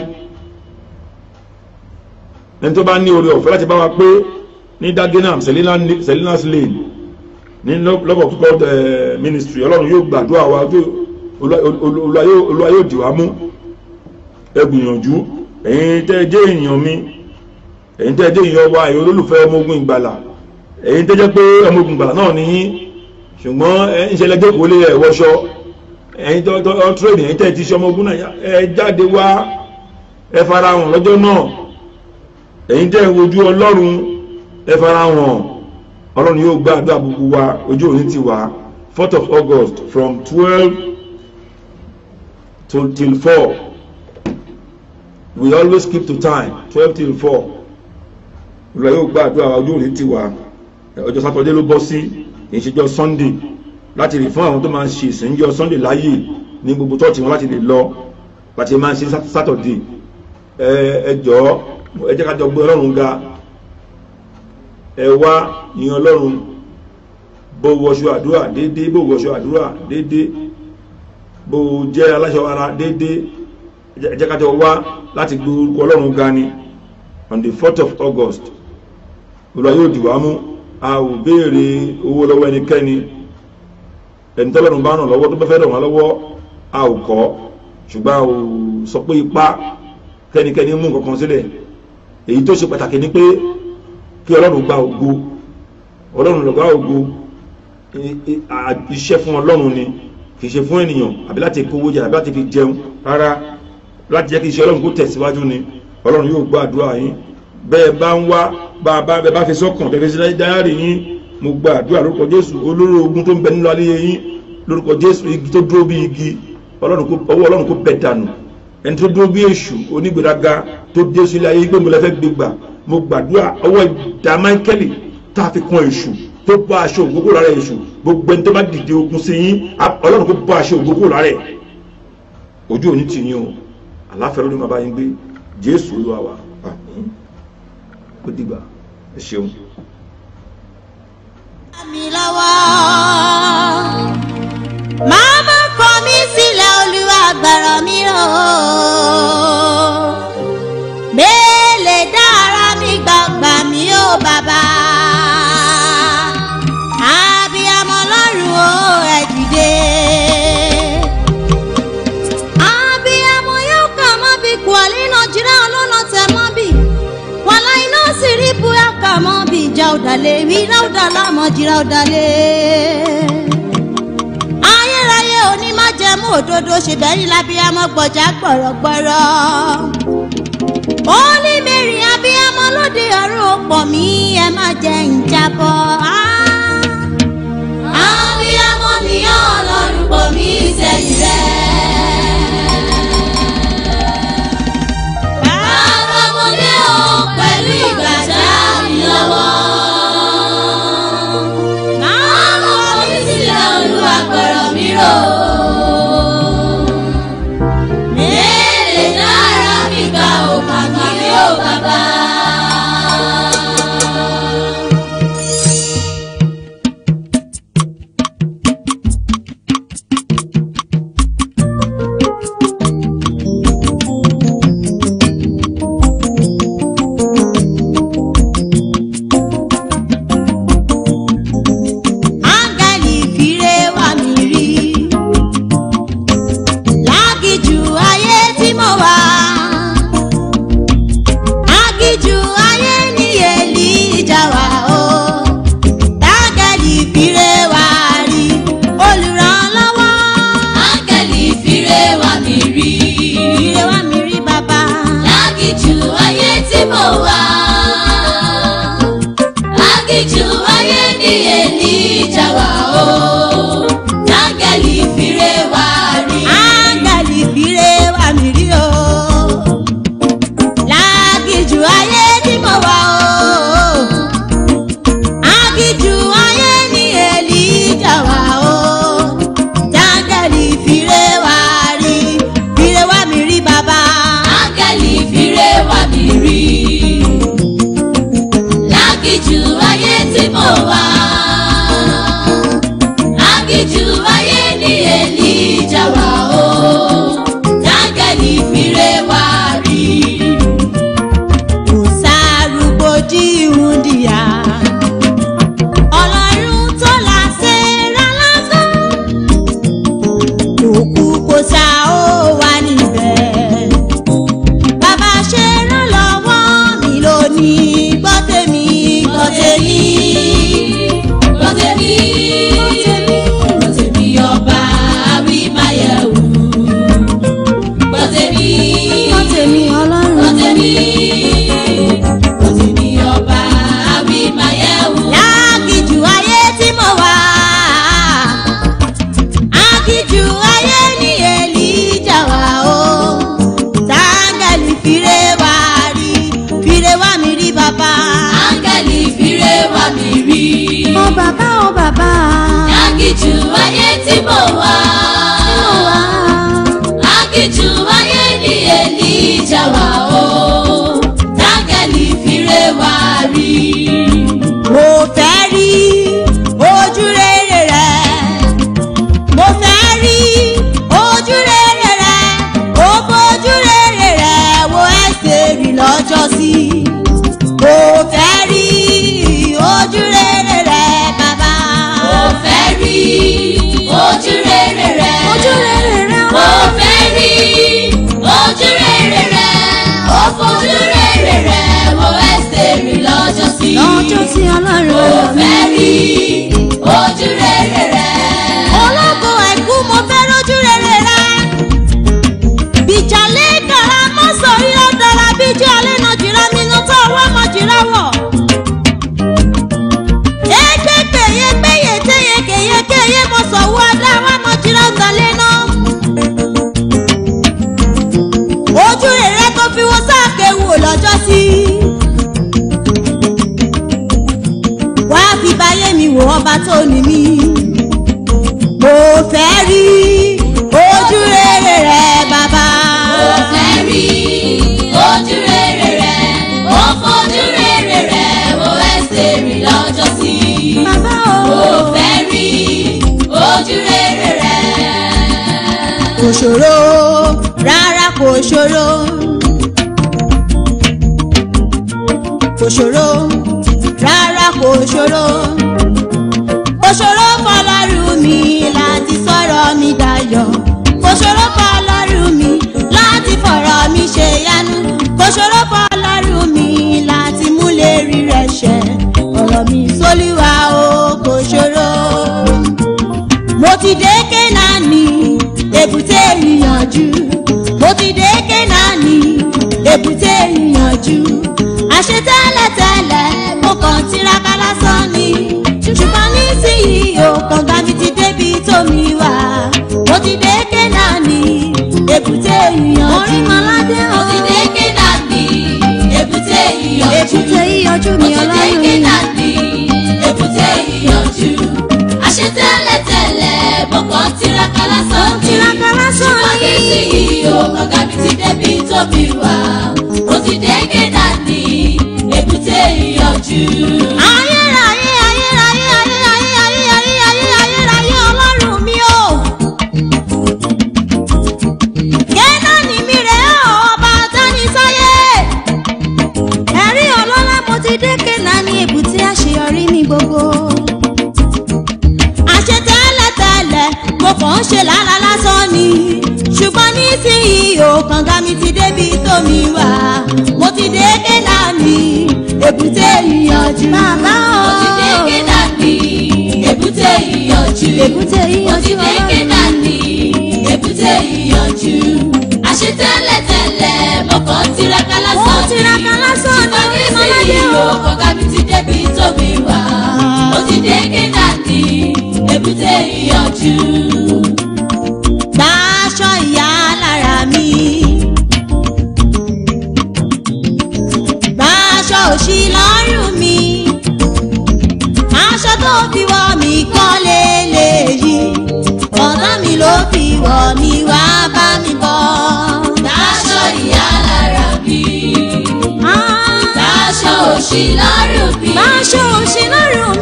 Speaker 2: ẹni tó bá ní oore ọ̀fẹ́ láti bá wa pé ní dagenham selinas lane ní love of ministry ọlọ́run yóò gbàdúrà wa olúwa yóò dì wá mú ẹ gbìyànjú ẹ̀yin tẹ́ ẹ jẹ́ èèyàn mi ẹ̀yin tẹ́ ẹ jẹ́ èèyàn wa ẹ̀yin olólùfẹ́ ọmọ ogun ìgbàlà ẹ̀yin tẹ́ jẹ́ pé ọmọ ogun ìgbàlà náà ni yín ṣùgbọ́n ìṣẹ̀lẹ̀ jókòó lé ẹ̀ wọṣọ ẹ̀yin tó ọ́ tírẹ̀dì ẹ̀yin tẹ́ ẹ ti ṣe ọmọ ogun náà ẹ jáde wá ẹ farahàn lọ́jọ́ náà ẹ̀yin jẹ́ ìwojú ọlọ́run ẹ fara hàn ọlọ́run yóò gba àdúrà gbogbo wa ojú òní ti 4th of august from twelve till 4. we always keep to time 12 till 4. olùwà yóò gba àdúrà ojú òní ti wá ọjọ́ sátọ́dé ló bọ́ sí ìṣèjọ sunday láti lè fún àwọn tó máa ń ṣe ìsìnjọ sunday láàyè ní gbogbo tọ́ọ̀tì wọn láti lè lọ láti máa ń ṣe sátọ́dé ẹ ẹ jọ̀ọ́ ẹ jẹ́ ká jọ gbé ọlọ́run ga ẹ wá ìyẹn ọlọ́run bó wọṣọ àdúrà déédéé bó wọṣọ àdúrà déédéé bó jẹ́ aláṣọ ara déédéé ẹ jẹ́ wá láti gbé orúkọ ọlọ́run ga ni on the 4th of August olùwà yóò dìwà mú a ò béèrè owó lọ́wọ́ ẹnikẹ́ni ẹni tọ́lọ́run bá ràn lọ́wọ́ tó bá fẹ́ ràn lọ́wọ́ a ò kọ́ ṣùgbọ́n a ò sọ pé ipá kẹ́nikẹ́ni mú nǹkan kan sílẹ̀ èyí tó ṣe pàtàkì ni pé kí ọlọ́run gba ògo ọlọ́run lọ́gbà ògo iṣẹ́ fún ọlọ́run ni kì í ṣe fún ènìyàn àbí láti kówó jẹ àbí láti fi jẹun rárá láti jẹ́ kí iṣẹ́ ọlọ́run kó tẹ̀síwájú ni ọlọ́run yóò gbọ́ àdúrà yín bẹ́ẹ̀ bá ń wá bá bá bẹ́ẹ̀ bá fi sọ́kàn bẹ́ẹ̀ fi sí dáyàrí yín mo gba àdúrà lórúkọ jésù olóró ogun tó ń bẹ nínú alẹ́ yín lórúkọ jésù igi tó dúró bí igi ọlọ́run kó bẹ̀ dànù ẹni tó dúró bí èṣù onígbèraga tó dé sílé ayé gbé mọ́lẹ́fẹ́ gbégbà mo gbàdúrà ọwọ́ ìdá máńkẹ́lì tá a fi kún èṣù tó bá aṣọ ògbókò lára èṣù gbogbo ẹni tó bá dìde ogun sí yín ọlọ́run kó bá aṣọ ògbókò lára ẹ̀ ojú òní ti yín o àláfẹ́ lórí máa bá yín gbé jésù olúwa wa àmín ó dìgbà ẹ ṣeun. mi lọ́wọ́
Speaker 3: máa bá gbàrọ̀ mi rò ó. bẹ́ẹ̀lẹ̀ dá ara mi gbàgbà mi ó bàbá. abiyamọ lọ́rùn ó ẹ dìde. abiyamọ yóò kà mọ́ bí kwalí nàìjíríà ọlọ́nà tẹ̀ mọ́ bí. wàlá iná sì rí bóyá kà mọ́ bí ìjà ọ̀dàlẹ̀ ìwé ìlà ọ̀dàlẹ̀ àmọ́ jìrà ọ̀dàlẹ̀ mú òdodo ṣèbẹ́ ní lábíyámọ́ gbọ̀já gbọ̀rọ̀gbọ̀rọ̀. ó ní mẹ́rin abíyámọ́ lóde ọ̀run ọ̀pọ̀ mi ẹ má jẹ́ ń jábọ́. Ah, abíyámọ́ nìyá ọlọ́run pọ̀ mí sẹ́yìn. ṣe lára lásán ni ṣùgbọ́n nísìnyí òkàn gami ti débi tómi wá mo ti dé kéla èbúté ìyànjú bàbá o mo ti dé kéla èbúté ìyànjú èbúté ìyànjú mo ti dé kéla èbúté ìyànjú àṣetẹ́lẹ̀ tẹ́lẹ̀ mọ̀kọ́ tiraka lásán ni tiraka lásán ni ṣùgbọ́n nísìnyí òkàn gami ti débi tómi wá mo ti dé kéla èbúté ìyànjú. ló fi wọ̀ mí wá bá mi bọ̀. mi. Táṣọ òṣì lọ́rùn mi.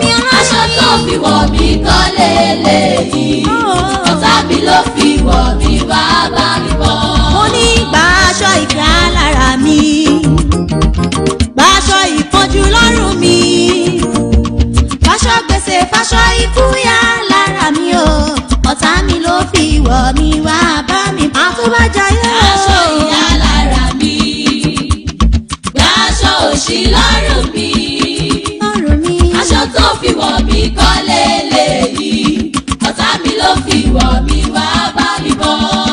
Speaker 3: mi aláṣọ. Aṣọ mi ló fi wọ̀ mí wá bá mi bọ̀. Mo ní gba aṣọ ìfẹ́ lára mi. Gba aṣọ Fáṣọ ikú yá lára mi o ọ̀tá mi ló fi wọ̀ mi wá bá mi àtúbàjáyé o. aṣọ ìyá lára mi gbàṣọ òṣì lọ́rùn mi aṣọ tó fi wọ̀ mi kọ́ lélẹ́yìí ọ̀tá mi ló fi wọ̀ mi wá bá mi bọ́.